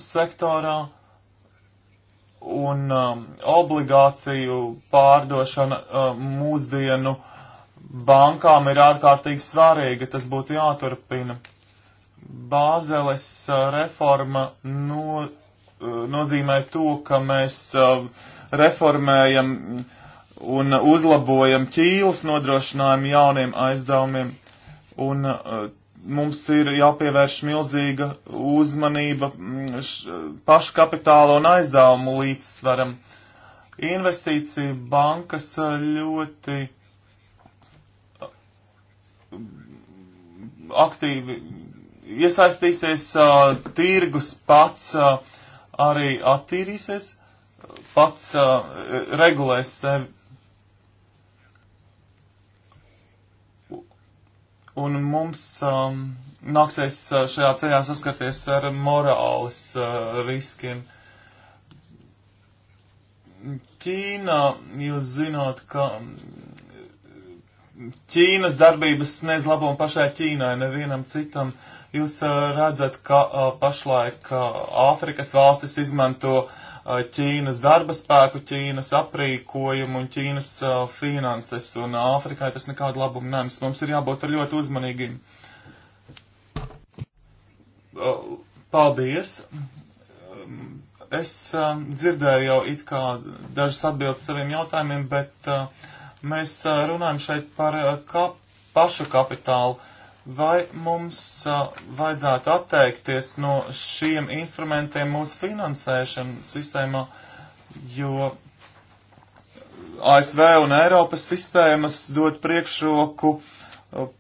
sektorā un um, obligāciju pārdošana uh, mūsdienu bankām ir ārkārtīgi svarīga, tas būtu jāturpina. Bāzeles reforma no, nozīmē to, ka mēs reformējam uh, un uh, uzlabojam ķīles nodrošinājumu jauniem aizdevumiem. Un uh, mums ir jāpievērš milzīga uzmanība mm, pašu kapitāla un aizdevumu līdzsvaram. Investīcija bankas uh, ļoti aktīvi iesaistīsies, uh, tirgus pats uh, arī attīrīsies, pats uh, regulēs sevi un mums um, nāksies uh, šajā ceļā saskarties ar morāles uh, riskiem. Ķīna, jūs zināt, ka mm, Ķīnas darbības sniedz labumu pašai Ķīnai, nevienam citam. Jūs uh, redzat, ka uh, pašlaik uh, Āfrikas valstis izmanto uh, Ķīnas darba spēku, Ķīnas aprīkojumu un Ķīnas uh, finanses, un Āfrikai tas nekādu labumu nenes. Mums ir jābūt ar ļoti uzmanīgiem. Uh, paldies! Um, es uh, dzirdēju jau it kā dažas atbildes saviem jautājumiem, bet uh, mēs uh, runājam šeit par uh, kap, pašu kapitālu. Uh, Vai mums uh, vajadzētu atteikties no šiem instrumentiem mūsu finansēšanas sistēmā, jo ASV un Eiropas sistēmas dod priekšroku uh,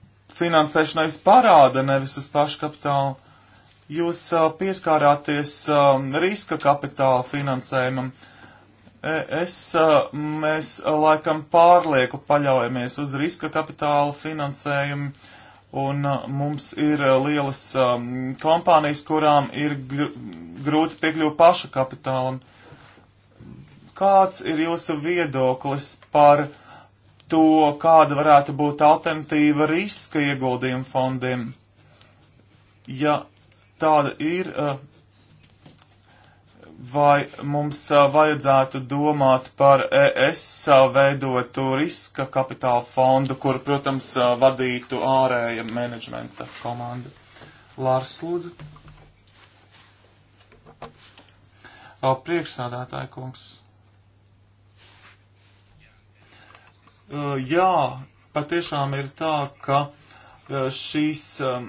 finansēšanai uz parāda, nevis uz pašu kapitālu. Jūs uh, pieskārāties riska kapitāla finansējumam. E, es, mēs laikam pārlieku paļaujamies uz riska kapitāla finansējumu Un uh, mums ir uh, lielas um, kompānijas, kurām ir gr grūti piekļūt pašu kapitālam. Kāds ir jūsu viedoklis par to, kāda varētu būt alternatīva riska ieguldījumu fondiem? Ja tāda ir, uh, vai mums vajadzētu domāt par ES veidotu riska kapitāla fondu, kur, protams, vadītu ārēja menedžmenta komanda. Lārs Lūdzu. Priekšsādātāja kungs. Jā, patiešām ir tā, ka šīs um,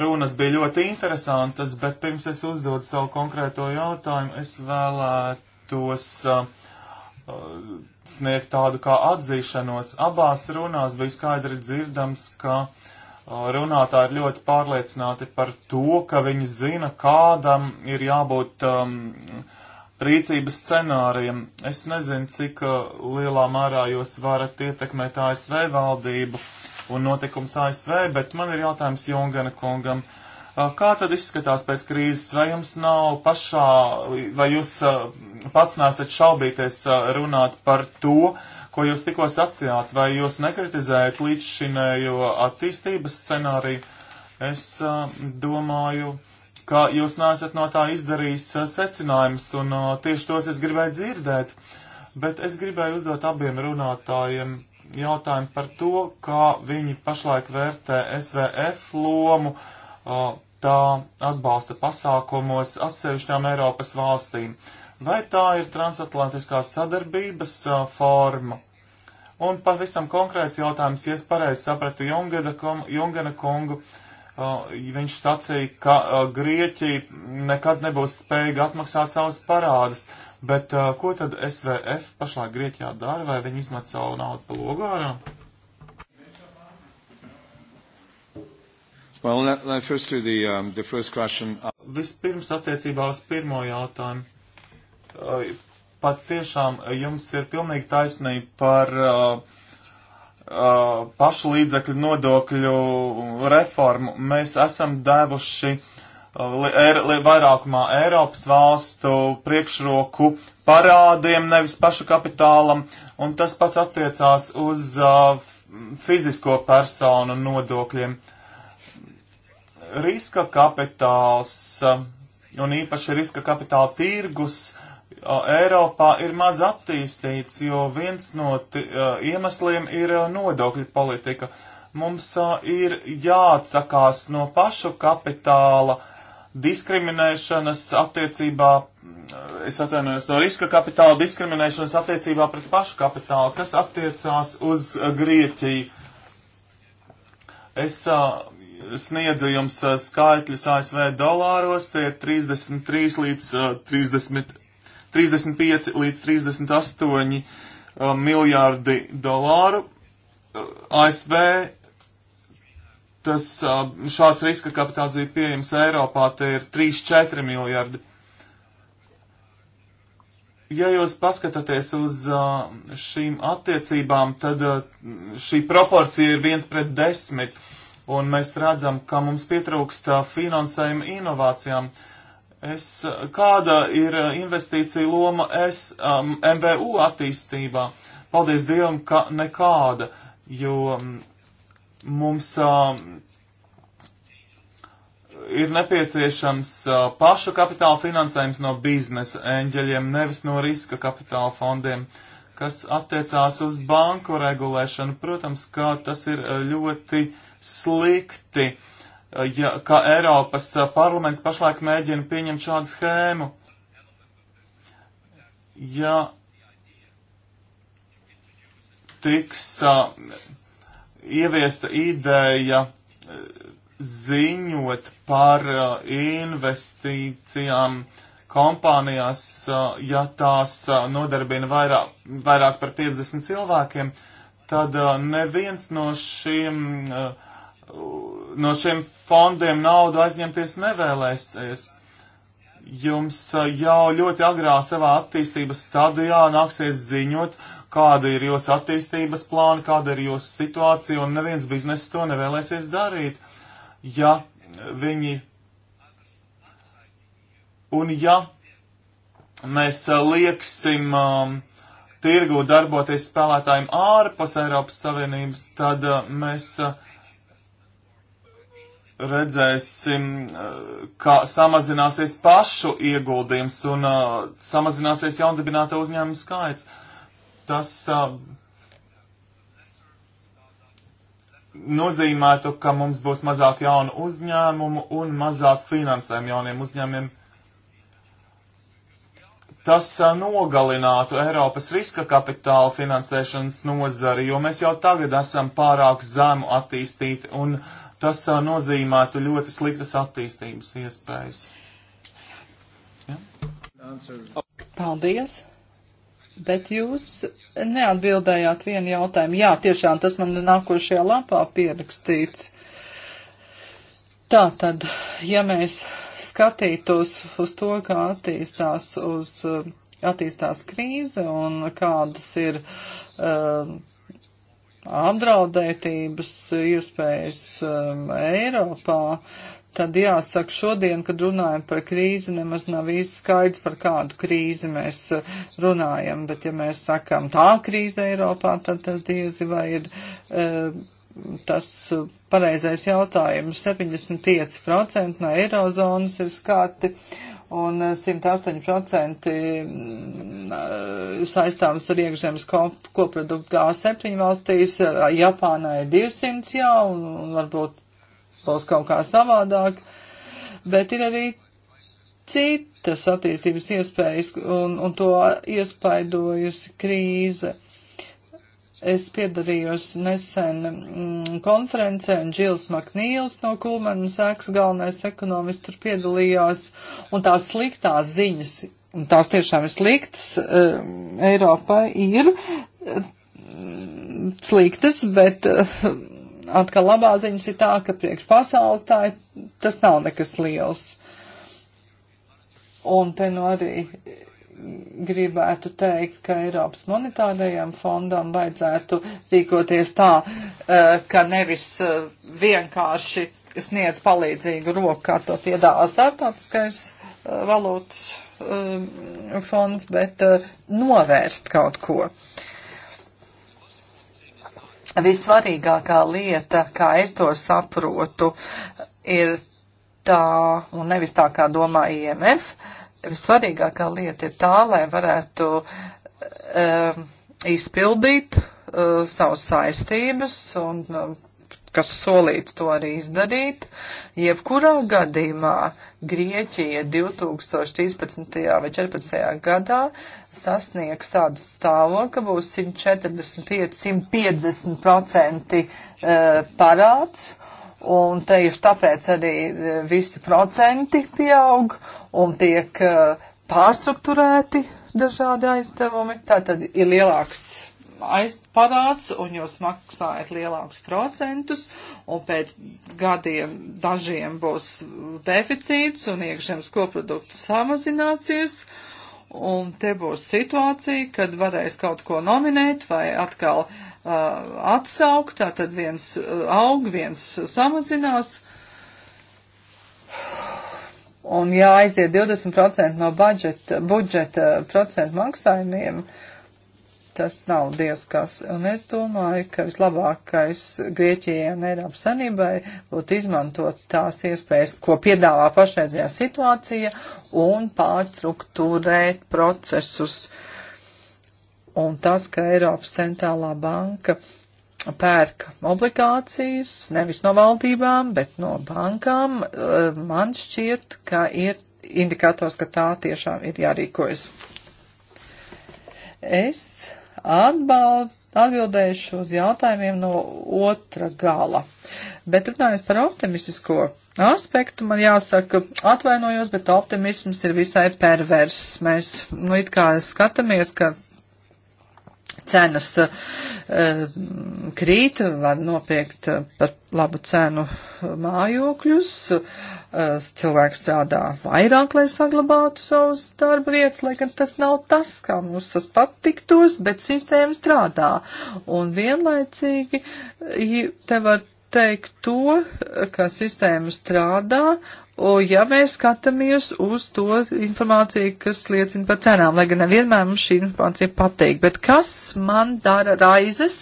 runas bija ļoti interesantas, bet pirms es uzdodu savu konkrēto jautājumu, es vēlētos uh, uh, sniegt tādu kā atzīšanos. Abās runās bija skaidri dzirdams, ka uh, runātāji ir ļoti pārliecināti par to, ka viņi zina, kādam ir jābūt um, rīcības scenārijam. Es nezinu, cik lielā mērā jūs varat ietekmēt ASV valdību. Uh, un notikums ASV, bet man ir jautājums Jungana kungam. Kā tad izskatās pēc krīzes? Vai jums nav pašā, vai jūs pats nesat šaubīties runāt par to, ko jūs tikko sacījāt, vai jūs nekritizējat līdzšinējo attīstības scenāriju? Es domāju, ka jūs nesat no tā izdarījis secinājumus, un tieši tos es gribēju dzirdēt, bet es gribēju uzdot abiem runātājiem jautājumu par to, kā viņi pašlaik vērtē SVF lomu tā atbalsta pasākumos atsevišķām Eiropas valstīm. Vai tā ir transatlantiskās sadarbības forma? Un pavisam konkrēts jautājums, ja es pareizi sapratu Jungena, Jungena kungu, viņš sacīja, ka Grieķija nekad nebūs spējīga atmaksāt savus parādus. Bet uh, ko tad SVF pašlaik Grieķijā dara, vai viņi izmet savu naudu pa logārā? Well, let, let first do the, um, the first question. Vispirms attiecībā uz pirmo jautājumu. Uh, pat tiešām uh, jums ir pilnīgi taisnība par uh, Uh, pašu līdzekļu nodokļu reformu. Mēs esam devuši Er, vairākumā Eiropas valstu priekšroku parādiem, nevis pašu kapitālam, un tas pats attiecās uz uh, fizisko personu nodokļiem. Riska kapitāls uh, un īpaši riska kapitāla tirgus uh, Eiropā ir maz attīstīts, jo viens no uh, iemesliem ir uh, nodokļu politika. Mums uh, ir jāatsakās no pašu kapitāla, uh, diskriminēšanas attiecībā, es atvainojos no riska kapitāla, diskriminēšanas attiecībā pret pašu kapitālu, kas attiecās uz Grieķiju. Es uh, sniedzu jums uh, skaitļus ASV dolāros, tie ir 33 līdz uh, 30, 35 līdz 38 miljārdi dolāru. ASV tas, šāds riska kapitāls bija pieejams Eiropā, tie ir 3-4 miljardi. Ja jūs paskatāties uz šīm attiecībām, tad šī proporcija ir 1 pret 10, un mēs redzam, ka mums pietrūkst finansējuma inovācijām. Es, kāda ir investīcija loma es, um, MVU attīstībā? Paldies Dievam, ka nekāda, jo um, Mums uh, ir nepieciešams uh, pašu kapitāla finansējums no biznesa eņģeļiem, nevis no riska kapitāla fondiem, kas attiecās uz banku regulēšanu. Protams, kā tas ir ļoti slikti, ja, ka Eiropas parlaments pašlaik mēģina pieņemt šādu schēmu. Ja tiks uh, ieviesta ideja e, ziņot par e, investīcijām kompānijās, e, ja tās nodarbina vairāk, vairāk par 50 cilvēkiem, tad neviens no šiem, no šiem fondiem naudu aizņemties nevēlēsies. Jums jau ļoti agrā savā attīstības stadijā nāksies ziņot, kāda ir jūsu attīstības plāna, kāda ir jūsu situācija, un neviens bizness to nevēlēsies darīt, ja viņi. Un ja mēs lieksim um, tirgu darboties spēlētājiem ārpus Eiropas Savienības, tad uh, mēs uh, redzēsim, uh, kā samazināsies pašu ieguldījums un uh, samazināsies jaundibināto uzņēmumu skaits. Uh, tas uh, nozīmētu, ka mums būs mazāk jaunu uzņēmumu un mazāk finansējumu jauniem uzņēmumiem. Tas uh, nogalinātu Eiropas riska kapitāla finansēšanas nozari, jo mēs jau tagad esam pārāk zemu attīstīti, un tas uh, nozīmētu ļoti sliktas attīstības iespējas. Ja? Paldies! Bet jūs neatbildējāt vienu jautājumu. Jā, tiešām tas man nākošajā lapā pierakstīts. Tā tad, ja mēs skatītos uz to, kā attīstās, uz, eh, attīstās krīze un kādas ir uh, apdraudētības iespējas um, Eiropā, tad jāsaka šodien, kad runājam par krīzi, nemaz nav īsti skaidrs, par kādu krīzi mēs eh, runājam, bet ja mēs sakam tā krīze Eiropā, tad tas diezi vai ir e, tas pareizais jautājums. 75% no eirozonas ir skārti un 108% eh, mm, saistāms ar iekšzemes koproduktu G7 valstīs, Japānā ir 200 jau, un varbūt būs kaut kā savādāk, bet ir arī citas attīstības iespējas un, un to iespaidojusi krīze. Es piedarījos nesen mm, konferencē, un Džils Maknīls no Kulmanas ēkas galvenais ekonomists tur piedalījās, un tās sliktās ziņas, un tās tiešām ir sliktas, uh, Eiropai ir uh, sliktas, bet uh, atkal labā ziņas ir tā, ka priekš pasaules tā ir, tas nav nekas liels. Un te nu arī gribētu teikt, ka Eiropas monetārajam fondam vajadzētu rīkoties tā, eh, ka nevis eh, vienkārši sniedz palīdzīgu roku, kā to piedāvā starptautiskais eh, valūtas fonds, bet novērst kaut ko. Uh, vissvarīgākā lieta, kā es to saprotu, ir tā, un nevis tā, kā domā IMF, vissvarīgākā lieta ir tā, lai varētu um, izpildīt uh, savas saistības un uh, kas solīts to arī izdarīt. Jebkurā gadījumā Grieķija 2013. vai 2014. gadā sasniegs tādu stāvokli, ka būs 145-150% e, parāds. Un tieši tāpēc arī e, visi procenti pieaug un tiek e, pārstruktūrēti dažādi aizdevumi. Tātad ir lielāks aizparāds un jūs maksājat lielākus procentus, un pēc gadiem dažiem būs deficīts un iekšzemes koprodukts samazināsies. Un te būs situācija, kad varēs kaut ko nominēt vai atkal uh, atsaukt, tātad viens uh, aug, viens samazinās. Un jāaiziet 20% no budžeta, budžeta procentu maksājumiem. Uh, tas nav diezkas. Un es domāju, ka vislabākais Grieķijai un Eiropas Sanībai būtu izmantot tās iespējas, ko piedāvā pašreizējā situācija, un pārstruktūrēt procesus. Un tas, ka Eiropas centrālā banka pērka obligācijas nevis no valdībām, bet no bankām, eh, man šķiet, ka ir indikators, ka tā tiešām ir jārīkojas. Es atbald, atbildējuši uz jautājumiem no otra gala. Bet runājot par optimistisko aspektu, man jāsaka, atvainojos, bet optimisms ir visai pervers. Mēs, nu, it kā skatāmies, ka cenas eh, krīt, var nopirkt eh, par labu cenu eh, mājokļus, cilvēks strādā vairāk, lai saglabātu savus darba vietas, lai gan tas nav tas, kā mums tas patiktos, bet sistēma strādā. Un vienlaicīgi te var teikt to, ka sistēma strādā O, ja mēs skatāmies uz to informāciju, kas liecina par cenām, lai gan nevienmēr mums šī informācija patīk, bet kas man dara raizes,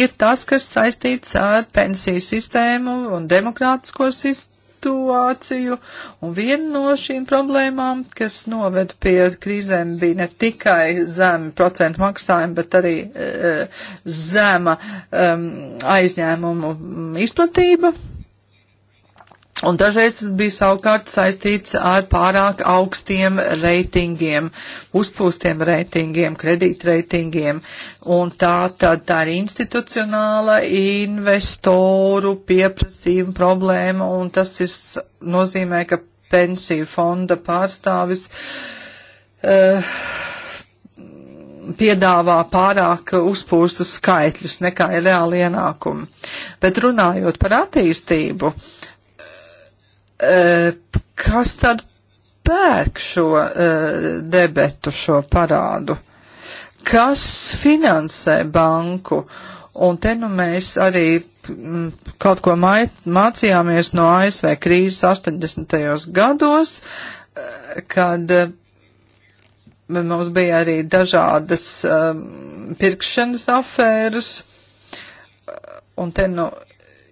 ir tas, kas saistīts ar pensiju sistēmu un demokrātisko situāciju. Un viena no šīm problēmām, kas noved pie krīzēm, bija ne tikai zemi procentu maksājumi, bet arī e, e zema e, aizņēmumu izplatība Un dažreiz tas bija savukārt saistīts ar pārāk augstiem reitingiem, uzpūstiem reitingiem, kredītreitingiem. Un tā, tā, tā ir institucionāla investoru pieprasījuma problēma, un tas ir, nozīmē, ka pensiju fonda pārstāvis uh, piedāvā pārāk uzpūstus skaitļus nekā ir reāli ienākumi. Bet runājot par attīstību, uh, Eh, kas tad pērk šo eh, debetu, šo parādu? Kas finansē banku? Un te nu mēs arī mm, kaut ko mācījāmies no ASV krīzes 80. gados, eh, kad mums bija arī dažādas um, pirkšanas afēras, un te nu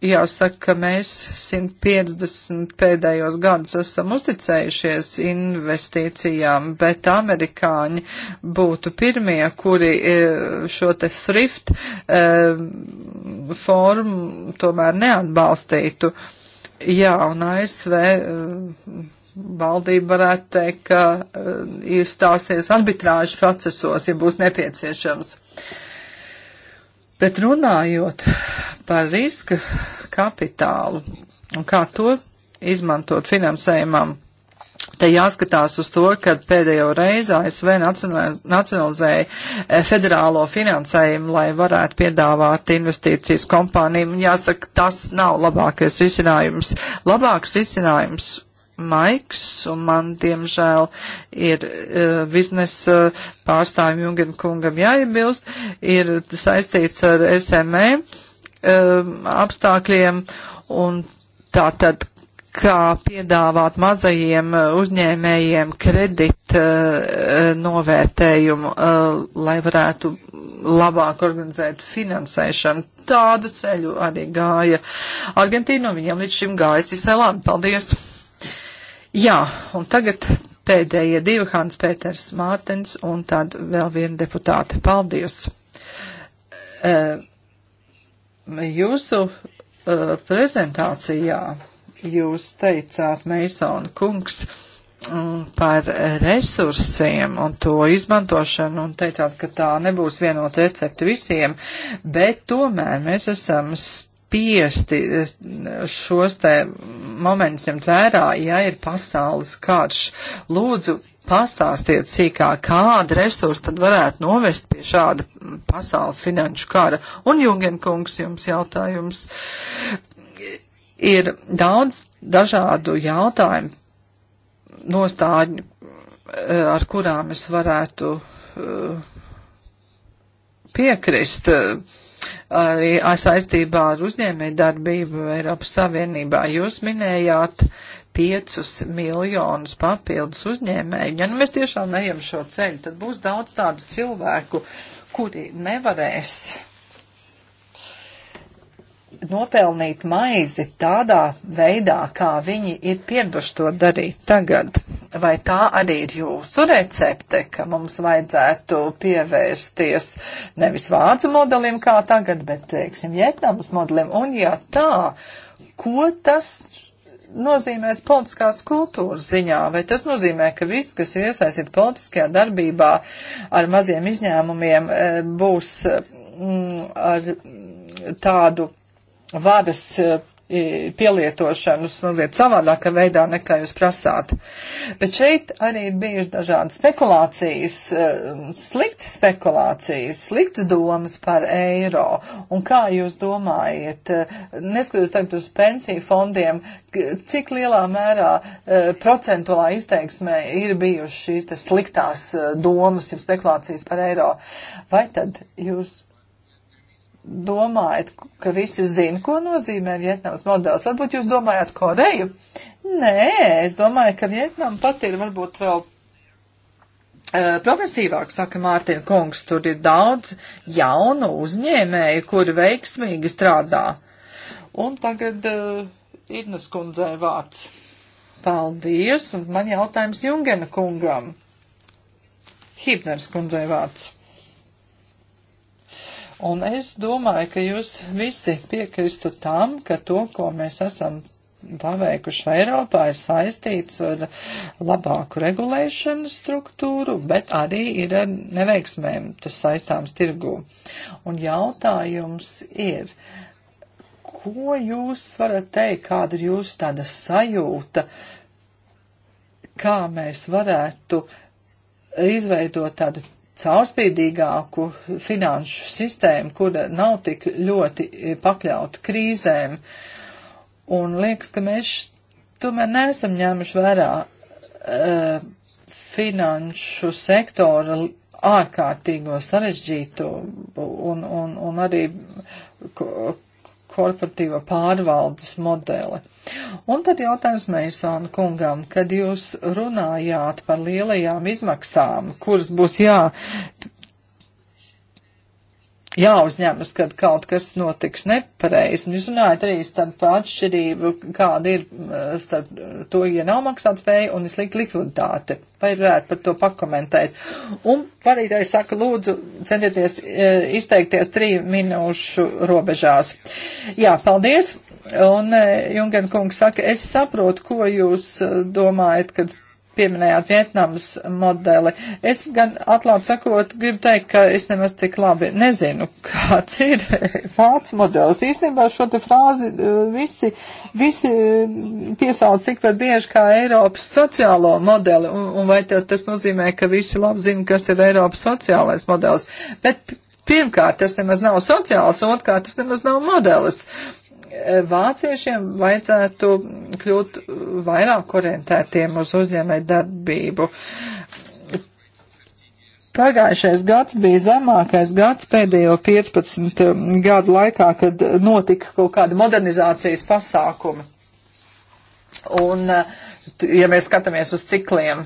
jāsaka, ka mēs 150 pēdējos gadus esam uzticējušies investīcijām, bet amerikāņi būtu pirmie, kuri e, šo te thrift e, formu tomēr neatbalstītu. Jā, un ASV e, valdība varētu teikt, ka iestāsies arbitrāžu procesos, ja būs nepieciešams. Bet runājot par riska kapitālu un kā to izmantot finansējumam. Te jāskatās uz to, kad pēdējo reizi ASV nacionalizēja eh, federālo finansējumu, lai varētu piedāvāt investīcijas kompānijām. Jāsaka, tas nav labākais risinājums. Labāks risinājums maiks, un man, diemžēl, ir uh, biznesa pārstāvjum Jungen kungam jāiebilst, ir saistīts ar SME. Uh, Um, apstākļiem un tātad kā piedāvāt mazajiem uh, uzņēmējiem kredit uh, uh, novērtējumu, lai varētu labāk organizēt finansēšanu. Tādu ceļu arī gāja Argentīna, un viņam līdz šim gājas visai labi. Paldies! Jā, un tagad pēdējie divi Hans Pēters Mārtens un tad vēl viena deputāte. Paldies! Uh, Jūsu uh, prezentācijā jūs teicāt, Meisona kungs, mm, par resursiem un to izmantošanu un teicāt, ka tā nebūs vienot recepti visiem, bet tomēr mēs esam spiesti eh, šos te momentus ņemt vērā, ja ir pasaules karš. Lūdzu, pastāstiet sīkāk, kāda resursa tad varētu novest pie šāda pasaules finanšu kara. Un Jungenkungs jums jautājums. Ir daudz dažādu jautājumu nostāļu, eh, ar kurām es varētu eh, piekrist arī saistībā ar uzņēmējdarbību Eiropas Savienībā. Jūs minējāt 5 miljonus papildus uzņēmēju. Ja nu mēs tiešām ejam šo ceļu, tad būs daudz tādu cilvēku, kuri nevarēs nopelnīt maizi tādā veidā, kā viņi ir pieraduši to darīt tagad. Vai tā arī ir jūsu recepte, ka mums vajadzētu pievērsties nevis vācu modelim kā tagad, bet, teiksim, Vietnamas modelim? Un ja tā, ko tas nozīmēs politiskās kultūras ziņā? Vai tas nozīmē, ka viss, kas ir iesaistīts politiskajā darbībā ar maziem izņēmumiem, e, būs mm, ar tādu varas e, pielietošanas mazliet savādākā veidā nekā jūs prasāt. Bet šeit arī ir bijuši dažādi spekulācijas, eh, slikts spekulācijas, slikts domas par eiro. Un kā jūs domājat, eh, neskatoties tagad uz pensiju fondiem, cik lielā mērā eh, procentuālā izteiksmē ir bijušas šīs sliktās domas un spekulācijas par eiro? Vai tad jūs domājat, ka visi zina, ko nozīmē Vietnams modelis? Varbūt jūs domājat Koreju? Nē, es domāju, ka Vietnam pat ir varbūt vēl Uh, progresīvāk, saka Mārtiņa kungs, tur ir daudz jaunu uzņēmēju, kuri veiksmīgi strādā. Un tagad uh, e, Irnas kundzei vārds. Paldies, un man jautājums Jungena kungam. Hibners kundzei vārds. Un es domāju, ka jūs visi piekristu tam, ka to, ko mēs esam paveikuši Eiropā, ir saistīts ar labāku regulēšanu struktūru, bet arī ir ar neveiksmēm tas saistāms tirgū. Un jautājums ir, ko jūs varat teikt, kāda ir jūsu tāda sajūta, kā mēs varētu izveidot tādu caurspīdīgāku finanšu sistēmu, kura nav tik ļoti eh, pakļauta krīzēm. Un liekas, ka mēs tomēr neesam ņēmuši vērā uh, finanšu sektora ārkārtīgo sarežģītu un, un, un arī korporatīva pārvaldes modeli. Un tad jautājums Meisona kungam, kad jūs runājāt par lielajām izmaksām, kuras būs jā jāuzņemas, kad kaut kas notiks nepareizi. Un jūs runājat arī starp atšķirību, kāda ir starp to, ja nav maksāt spēja un slikta likviditāte. Vai varētu par to pakomentēt? Un vadītāji saka, lūdzu, centieties e, izteikties trīs minūšu robežās. Jā, paldies! Un e, Jungenkungs saka, es saprotu, ko jūs e, domājat, kad pieminējāt Vietnamas modeli. Es gan atklāt sakot, gribu teikt, ka es nemaz tik labi nezinu, kāds ir vācu modelis. Īstenībā šo te frāzi eh, visi, visi mm, piesauc tikpat bieži kā Eiropas sociālo modeli, un, un vai tas nozīmē, ka visi labi zina, kas ir Eiropas sociālais modelis. Bet pirmkārt, tas nemaz nav sociāls, un otrkārt, tas nemaz nav modelis vāciešiem vajadzētu kļūt vairāk orientētiem uz uzņēmēju darbību. Pagājušais gads bija zemākais gads pēdējo 15 gadu laikā, kad notika kaut kāda modernizācijas pasākuma. Un, eh, ja mēs skatāmies uz cikliem.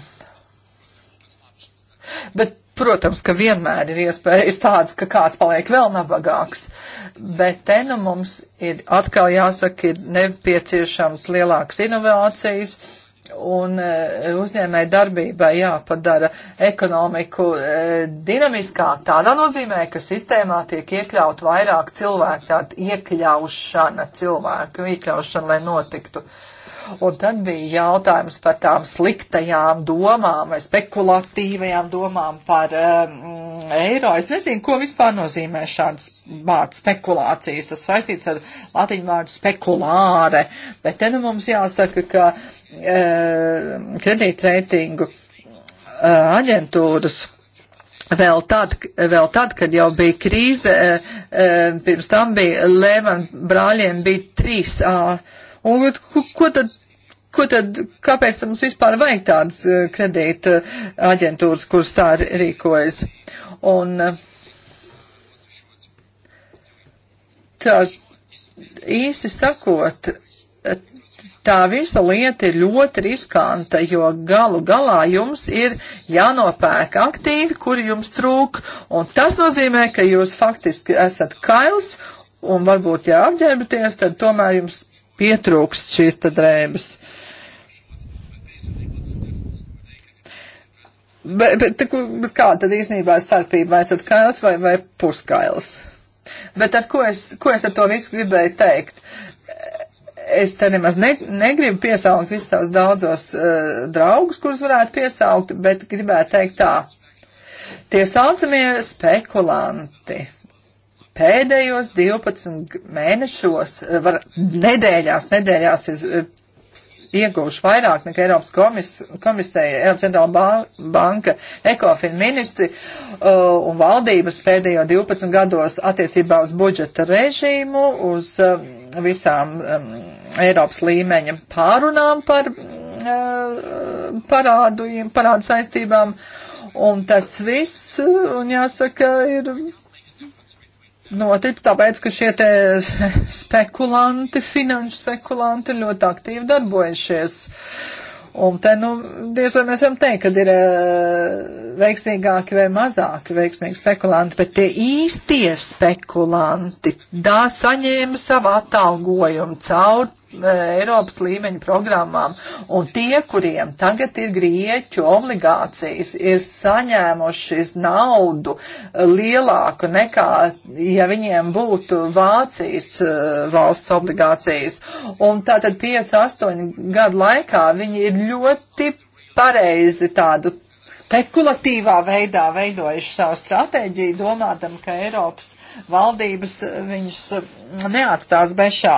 Bet Protams, ka vienmēr ir iespējas tādas, ka kāds paliek vēl nabagāks, bet te nu mums ir atkal jāsaka, ir nepieciešams lielāks inovācijas un e, uzņēmēji darbībai jāpadara ekonomiku e, dinamiskāk tādā nozīmē, ka sistēmā tiek iekļaut vairāk cilvēku, tāda iekļaušana cilvēku, iekļaušana, lai notiktu. Uh, Un tad bija jautājums par tām sliktajām domām vai spekulatīvajām domām par um, eiro. Es nezinu, ko vispār nozīmē šāds vārds spekulācijas. Tas saistīts ar latiņu vārdu spekulāre. Bet te nu mums jāsaka, ka um, kredītreitingu uh, aģentūras. Vēl tad, vēl tad, kad jau bija krīze, uh, um, pirms tam bija Lehman brāļiem bija trīs uh, Un ko tad, ko tad, kāpēc mums vispār vajag tādas eh, kredīta aģentūras, kuras tā rīkojas? Un eh, tā īsi sakot, eh, tā visa lieta ir ļoti riskanta, jo galu galā jums ir jānopērk aktīvi, kuri jums trūk, un tas nozīmē, ka jūs faktiski esat kails, un varbūt, ja apģērbaties, tad tomēr jums pietrūkst šīs tad drēbes. Bet, bet, bet kā tad īsnībā ir starpība, vai esat kails vai, vai puskails? Bet ar ko es, ko es ar to visu gribēju teikt? Es te nemaz ne, negribu piesaukt visus savus daudzos uh, draugus, kurus varētu piesaukt, bet gribētu teikt tā. Tie saucamie spekulanti. Uh, pēdējos 12 mēnešos, eh, var nedēļās, nedēļās es eh, ieguvuši vairāk nekā Eiropas komis, komisēja, Eiropas centrāla banka, ekofin ministri uh, un valdības pēdējo 12 gados attiecībā uz budžeta režīmu, uz uh, visām um, Eiropas līmeņa pārunām par uh, parādu, parādu saistībām. Un tas viss, un jāsaka, ir noticis tāpēc, ka šie te spekulanti, finanšu spekulanti ļoti aktīvi darbojušies. Un te, nu, diez vai mēs varam teikt, kad ir uh, veiksmīgāki vai mazāki veiksmīgi spekulanti, bet tie īstie spekulanti, tā saņēma savu atalgojumu caur E, Eiropas līmeņa programmām. Un tie, kuriem tagad ir grieķu obligācijas, ir saņēmušas naudu lielāku nekā, ja viņiem būtu Vācijas e, valsts obligācijas. Un tātad 5-8 gadu laikā viņi ir ļoti pareizi tādu spekulatīvā veidā veidojuši savu stratēģiju, domādam, ka Eiropas valdības eh, viņus eh, neatstās bešā.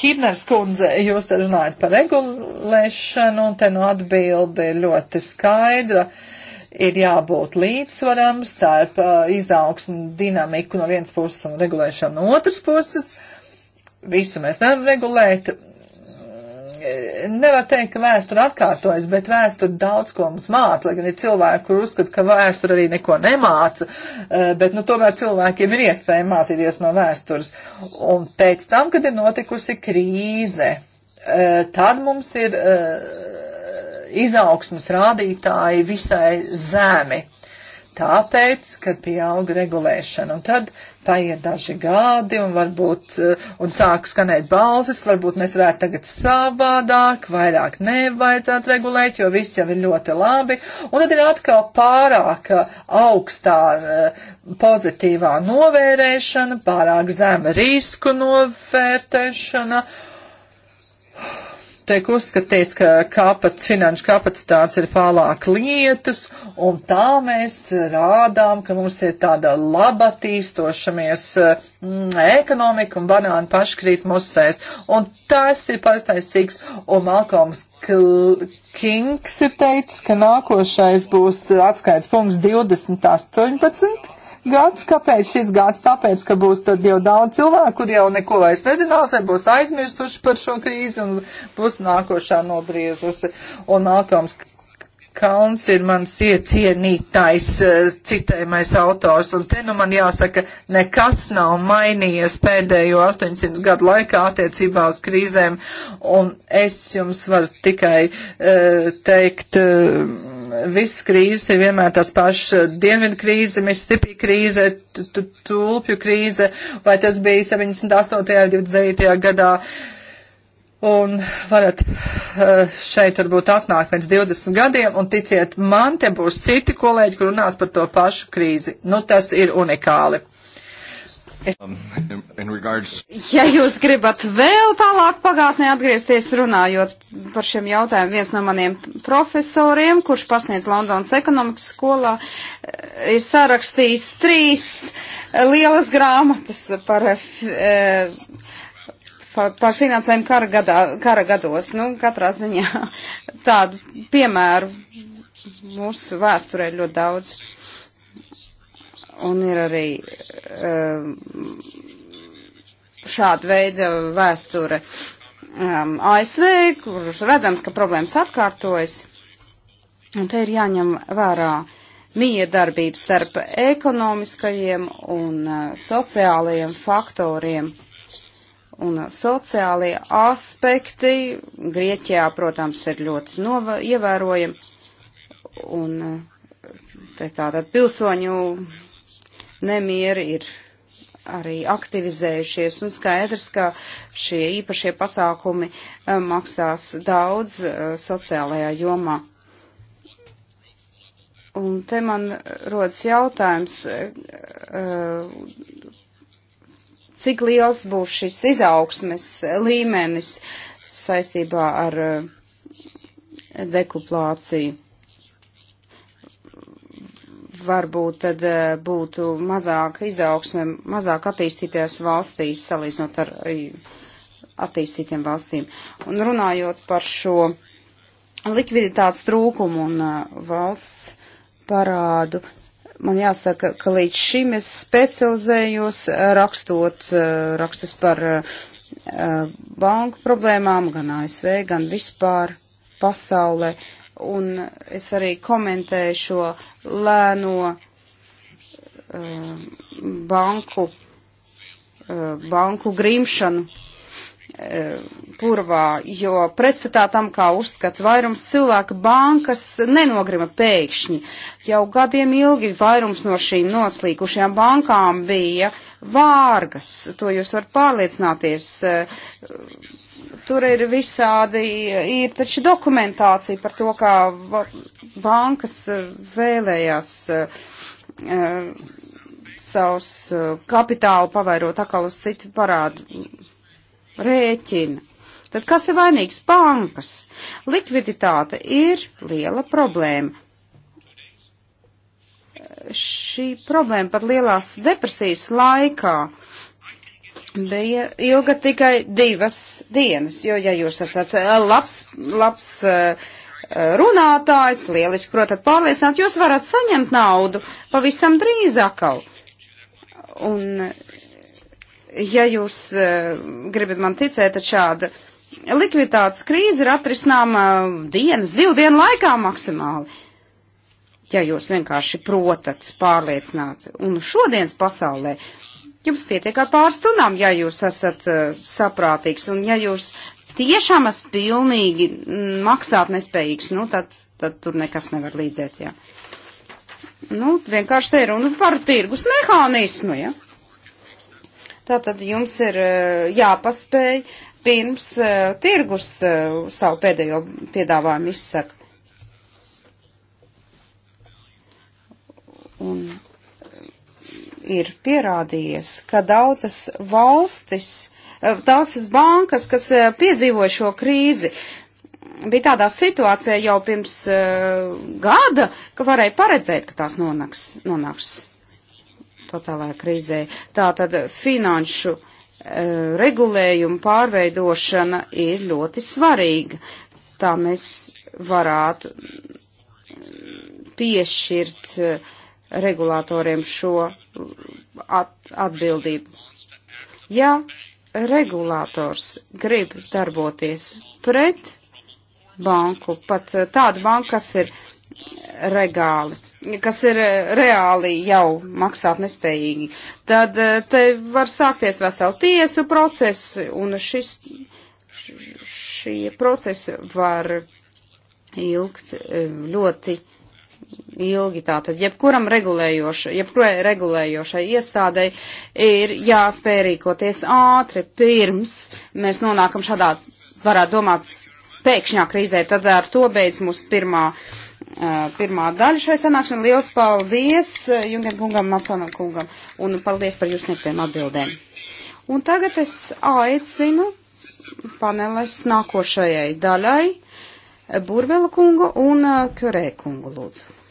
Hibners kundze, jūs te runājat par regulēšanu, un te no nu atbildi ļoti skaidra. Ir jābūt līdzsvaram starp uh, izaugsmu dinamiku no vienas puses un regulēšanu no otras puses. Visu mēs nevaram regulēt, nevar teikt, ka vēsture atkārtojas, bet vēsture daudz ko mums māca, lai gan ir cilvēki, kur uzskata, ka vēsture arī neko nemāca, eh, bet nu tomēr cilvēkiem ir iespēja mācīties no vēstures. Un pēc tam, kad ir notikusi krīze, eh, tad mums ir eh, izaugsmas rādītāji visai zemi tāpēc, ka pieauga regulēšana. Un tad paiet daži gadi un varbūt, eh, un sāk skanēt balsis, ka varbūt mēs varētu tagad savādāk, vairāk nevajadzētu regulēt, jo viss jau ir ļoti labi. Un tad ir atkal pārāk eh, augstā eh, pozitīvā novērēšana, pārāk zema risku novērtēšana tiek uzskatīts, ka kapac, finanšu kapacitātes ir pārāk lietas, un tā mēs rādām, ka mums ir tāda laba attīstošamies mm, ekonomika un banāni paškrīt musēs. Un tas ir pastais cīks, un Malkoms Kings ir teicis, ka nākošais būs atskaits punkts 2018 gads. Kāpēc šis gads? Tāpēc, ka būs tad jau daudz cilvēku, kur jau neko vairs nezinās, vai būs aizmirsuši par šo krīzi un būs nākošā nobriezusi. Un nākams Kalns ir mans iecienītais eh, citējumais autors, un te nu man jāsaka, nekas nav mainījies pēdējo 800 gadu laikā attiecībā uz krīzēm, un es jums varu tikai uh, teikt, uh, viss krīzes ir vienmēr tās pašas dienvidu krīze, Mississippi krīze, tulpju krīze, vai tas bija 78. un 29. gadā. Uh, Un varat eh, šeit varbūt atnākt pēc 20 gadiem un ticiet man, te būs citi kolēģi, kur runās par to pašu krīzi. Nu, tas ir unikāli. Es... Um, in, in regards... Ja jūs gribat vēl tālāk pagātnē atgriezties runājot par šiem jautājumiem, viens no maniem profesoriem, kurš pasniedz Londonas ekonomikas skolā, eh, ir sarakstījis trīs eh, lielas grāmatas par e, par finansējumu kara, gadā, kara gados. Nu, katrā ziņā tādu piemēru mūsu vēsturē ļoti daudz. Un ir arī um, šāda veida vēsture um, ASV, kur redzams, ka problēmas atkārtojas. Un te ir jāņem vērā miedarbības starp ekonomiskajiem un uh, sociālajiem faktoriem Un sociālie aspekti Grieķijā, protams, ir ļoti nova, ievērojami. Un eh, tātad pilsoņu nemieri ir arī aktivizējušies un skaidrs, ka šie īpašie pasākumi eh, maksās daudz eh, sociālajā jomā. Un te man rodas jautājums, cik liels būs šis izaugsmes līmenis saistībā ar eh, dekuplāciju. Varbūt tad eh, būtu mazāk izaugsme, mazāk attīstīties valstīs salīdzinot ar eh, attīstītiem valstīm. Un runājot par šo likviditātes trūkumu un valsts parādu, Man jāsaka, ka līdz šim es specializējos eh, rakstot eh, rakstus par eh, banku problēmām gan ASV, gan vispār pasaulē. Un es arī komentēju šo lēno banku, banku grimšanu E, purvā, jo pretstatā tam, kā uzskata vairums cilvēku, bankas nenogrima pēkšņi. Jau gadiem ilgi vairums no šīm noslīkušajām bankām bija vārgas. To jūs varat pārliecināties. E, tur ir visādi, ir taču dokumentācija par to, kā bankas vēlējās e, savus kapitālu pavairot atkal uz citu parādu rēķina. Tad kas ir vainīgs? Bankas. Likviditāte ir liela problēma. Šī problēma pat lielās depresijas laikā bija ilga tikai divas dienas, jo, ja jūs esat eh, labs, labs eh, runātājs, lieliski, protams, pārliecināt, jūs varat saņemt naudu pavisam drīz atkal. Un ja jūs e, gribat man ticēt, tad šāda likviditātes krīze ir atrisināma dienas, divu dienu laikā maksimāli. Ja jūs vienkārši protat pārliecināt, un šodienas pasaulē jums pietiek ar pāris stundām, ja jūs esat uh, saprātīgs, un ja jūs tiešām esat pilnīgi maksāt nespējīgs, nu, tad, tad tur nekas nevar līdzēt, jā. Nu, vienkārši te ir runa par tirgus mehānismu, jā. Ja? Tātad jums ir eh, jāpaspēj pirms eh, tirgus eh, savu pēdējo piedāvājumu izsaka. Un ir pierādījies, ka daudzas valstis, daudzas bankas, kas piedzīvoja šo krīzi, bija tādā situācijā jau pirms uh, gada, ka varēja paredzēt, ka tās nonāks. nonāks totālajā krīzē. Tātad finanšu e, regulējumu pārveidošana ir ļoti svarīga. Tā mēs varētu piešķirt e, regulātoriem šo at atbildību. Ja regulators grib darboties pret banku, pat tādu banku, kas ir regāli, kas ir eh, reāli jau maksāt nespējīgi, tad eh, te var sākties veseli tiesu procesi, un šis, šie procesi var ilgt eh, ļoti ilgi. Tātad, jebkuram regulējoša, jebkurai regulējošai iestādei ir jāspēj rīkoties ātri, pirms mēs nonākam šādā, varētu domāt, pēkšņā krīzē, tad ar to beidz mūsu pirmā pirmā daļa šai sanākšanai. Liels paldies Jungiem kungam, Matsonam kungam un paldies par jūsu sniegtiem atbildēm. Un tagad es aicinu paneles nākošajai daļai Burvela kungu un Kurē kungu lūdzu.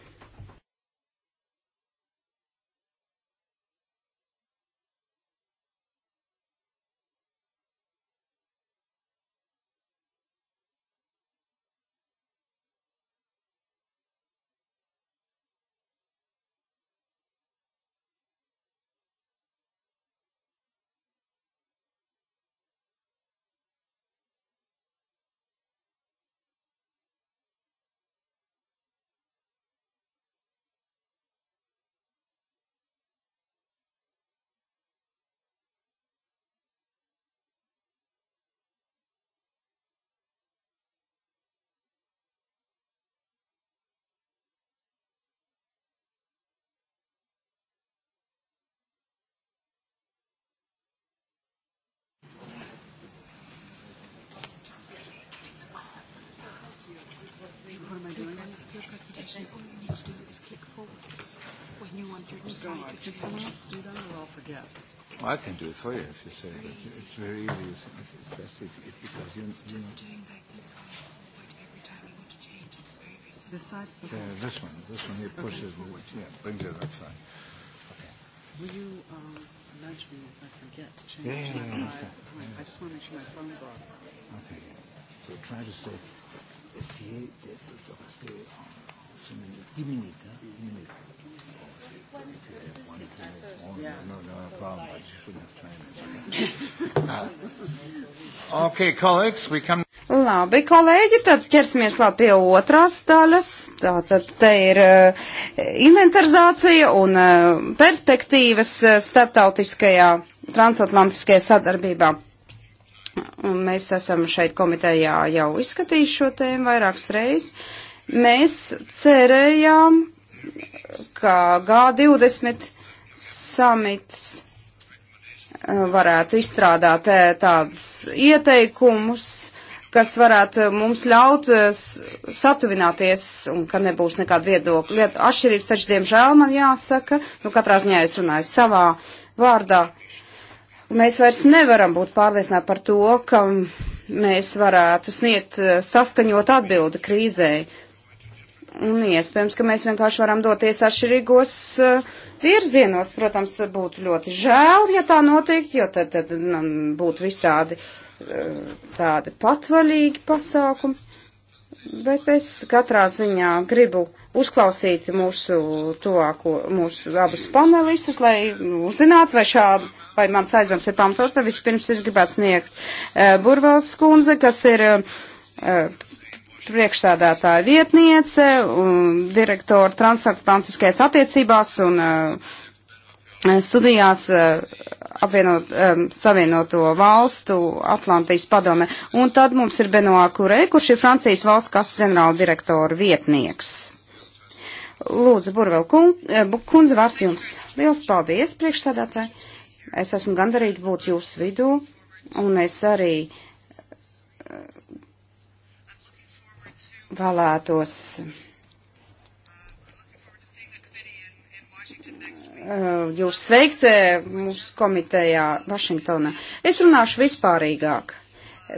God. Could someone else do that, or I'll forget? Well, I can do it for you if you say it. It's very easy. It's, it's best if, if because you, it's you just know. doing like this every time I want to change. It's very, very simple. This side? Okay. Yeah, this one. This, this one you push okay. it. Forward. Yeah, brings it that side. Okay. Will you um, nudge me if I forget to change yeah, yeah, yeah, my yeah, yeah. I just want to make sure my phone's off. Okay. So try to stay. Essayez d'être resté 10 minutes. Hein, 10 minutes. Okay, colleagues, we come... Labi, kolēģi, tad ķersimies klāt pie otrās daļas. Tātad te ir uh, inventarizācija un uh, perspektīvas uh, starptautiskajā transatlantiskajā sadarbībā. Un mēs esam šeit komitejā jau izskatījuši šo tēmu vairākas reizes. Mēs cerējām, ka G20 samits eh, varētu izstrādāt eh, tādus ieteikumus, kas varētu eh, mums ļaut satuvināties un ka nebūs nekāda viedokļa atšķirības, taču, diemžēl, man jāsaka, nu, katrā ziņā es runāju savā vārdā. Mēs vairs nevaram būt pārliecināti par to, ka mēs varētu sniegt saskaņot atbildi krīzei. Un iespējams, ka mēs vienkārši varam doties atšķirīgos uh, virzienos. Protams, būtu ļoti žēl, ja tā notiktu, jo tad, tad um, būtu visādi uh, tādi patvaļīgi pasākumi. Bet es katrā ziņā gribu uzklausīt mūsu tuvāko, mūsu abus panelistus, lai uzzinātu, vai šādi, vai mans aizdoms ir pamatota. Vispirms es gribētu sniegt uh, Burvels kundze, kas ir uh, priekšsēdētāja vietniece, direktora transatlantiskajās attiecībās un eh, studijās eh, apvienot, um, savienoto valstu Atlantijas padome. Un tad mums ir Benoā Kurē, kurš ir Francijas valsts kases ģenerāla direktora vietnieks. Lūdzu, Burvel kundze, vārds jums. Liels paldies, priekšsēdētāji. Es esmu gandarīta būt jūsu vidū, un es arī uh, vēlētos uh, jūs sveikt eh, mūsu komitejā Vašingtonā. Es runāšu vispārīgāk.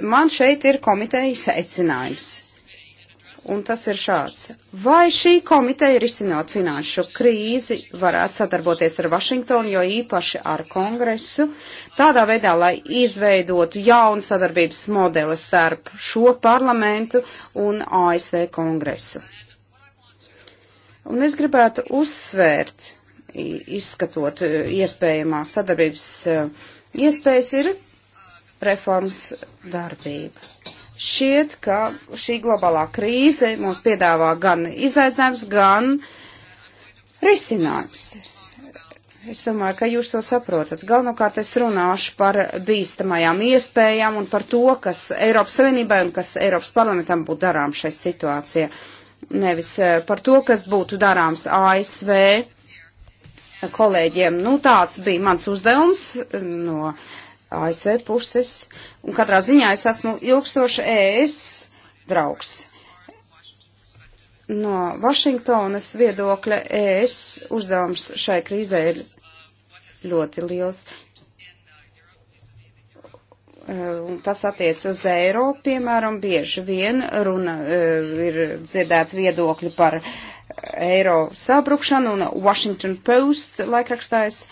Man šeit ir komitejas aicinājums un tas ir šāds. Vai šī komiteja risinot finanšu krīzi varētu sadarboties ar Vašingtonu, jo īpaši ar kongresu, tādā veidā, lai izveidotu jaunu sadarbības modeli starp šo parlamentu un ASV kongresu? Un es gribētu uzsvērt, izskatot iespējamā sadarbības iespējas, ir reformas darbība Šķiet, ka šī globālā krīze mums piedāvā gan izaicinājums, gan risinājums. Es domāju, ka jūs to saprotat. Galvenokārt es runāšu par bīstamajām iespējām un par to, kas Eiropas Savienībai un kas Eiropas parlamentam būtu darām šai situācijā. Nevis eh, par to, kas būtu darāms ASV kolēģiem. Nu, tāds bija mans uzdevums eh, no. Uh, ASV e puses, un katrā ziņā es esmu ilgstoši ES draugs. No Vašingtonas viedokļa ES uzdevums šai krīzē ir ļoti liels. Uh, un tas attiec uz Eiropu, piemēram, bieži vien runa uh, ir dzirdēt viedokļi par eiro sabrukšanu, un Washington Post laikrakstājas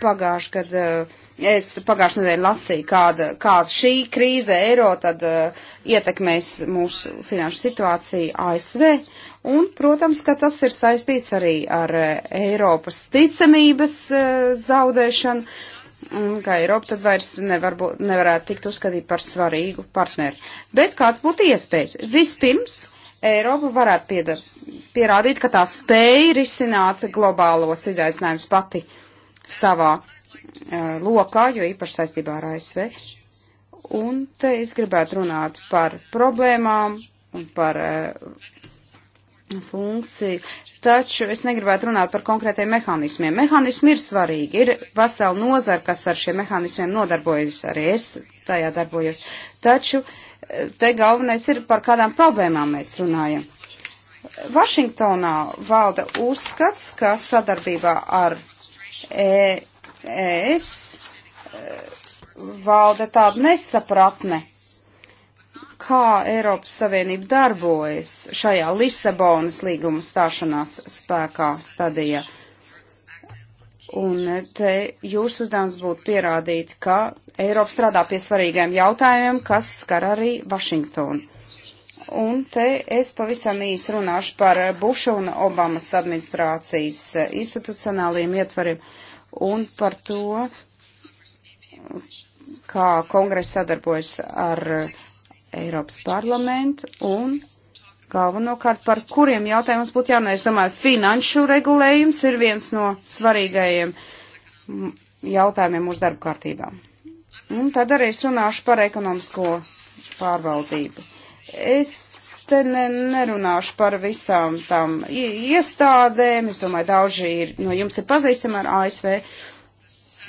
pagājuši, kad uh, Es pagājušajā nedēļā lasīju, kāda, kāda šī krīze eiro tad uh, ietekmēs mūsu finanšu situāciju ASV. Un, protams, ka tas ir saistīts arī ar uh, Eiropas ticamības uh, zaudēšanu, un, ka Eiropa tad vairs nevar būt, nevarētu tikt uzskatīt par svarīgu partneri. Bet kāds būtu iespējas? Vispirms, Eiropa varētu piedar, pierādīt, ka tā spēja risināt globālos izaicinājumus pati savā lokā, jo īpaši saistībā ar ASV. Un te es gribētu runāt par problēmām un par funkciju, taču es negribētu runāt par konkrētiem mehānismiem. Mehānismi ir svarīgi, ir vesela nozara, kas ar šiem mehānismiem nodarbojas, arī es tajā darbojos. Taču te galvenais ir, par kādām problēmām mēs runājam. Vašingtonā valda uzskats, ka sadarbībā ar e, es eh, valda tāda nesapratne, kā Eiropas Savienība darbojas šajā Lisabonas līguma stāšanās spēkā stadijā. Un te jūsu uzdevums būtu pierādīt, ka Eiropa strādā pie svarīgiem jautājumiem, kas skar arī Vašingtonu. Un te es pavisam īsi runāšu par Buša un Obamas administrācijas eh, institucionāliem ietvariem. Uh, un par to, kā kongress sadarbojas ar Eiropas parlamentu un galvenokārt par kuriem jautājums būtu jārunā. Es domāju, finanšu regulējums ir viens no svarīgajiem jautājumiem mūsu darba kārtībā. Un tad arī es runāšu par ekonomisko pārvaldību. Es te ne, nerunāšu par visām tām iestādēm. Es domāju, daudzi ir, no jums ir pazīstami ar ASV.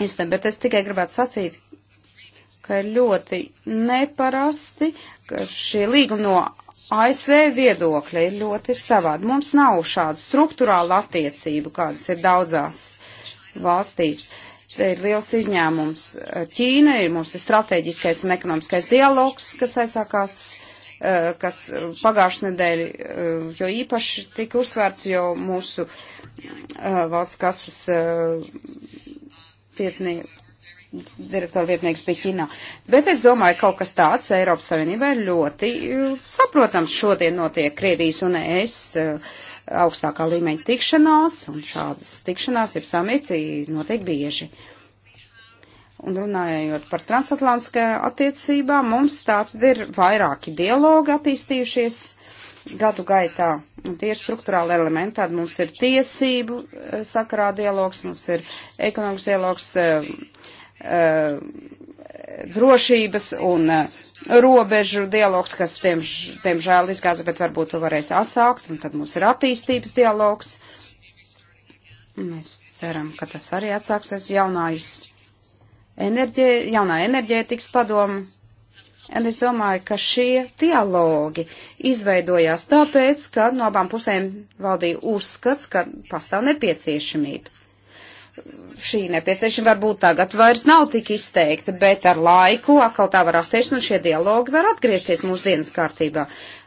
Es te, bet es tikai gribētu sacīt, ka ir ļoti neparasti, ka šie līgumi no ASV viedokļa ir ļoti savādi. Mums nav šādu struktūrālu attiecību, kādas ir daudzās valstīs. Te ir liels izņēmums. Ķīna ir mums ir strateģiskais un ekonomiskais dialogs, kas aizsākās uh, Eh, kas pagājušajā nedēļā eh, jo īpaši tika uzsvērts, jo mūsu eh, valsts kasas vietnie, direktora vietnieks bija Ķinā. Bet es domāju, kaut kas tāds Eiropas Savienībā ir ļoti saprotams. Šodien notiek Krievijas un es augstākā līmeņa tikšanās, un šādas tikšanās ir samiti notiek bieži. Uh, Un runājot par transatlantiskajām attiecībām, mums tātad ir vairāki dialogi attīstījušies gadu gaitā. Un tie ir struktūrāli elementi, tad mums ir tiesību eh, sakarā dialogs, mums ir ekonomikas dialogs, eh, eh, drošības un robežu dialogs, kas, diemžēl, tiem, izgāza, bet varbūt to varēs atsākt, un tad mums ir attīstības dialogs. Mēs ceram, ka tas arī atsāksies jaunājus enerģē, jaunā enerģētikas padomu. Un es domāju, ka šie dialogi izveidojās tāpēc, ka no abām pusēm valdīja uzskats, ka pastāv nepieciešamība. Šī nepieciešamība varbūt tagad vairs nav tik izteikta, bet ar laiku atkal tā var rasties, un šie dialogi var atgriezties mūsu dienas kārtībā.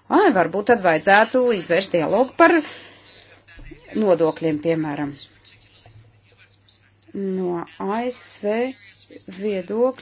Ai, varbūt tad vajadzētu izvērst dialogu par nodokļiem, piemēram. No ASV viedokļi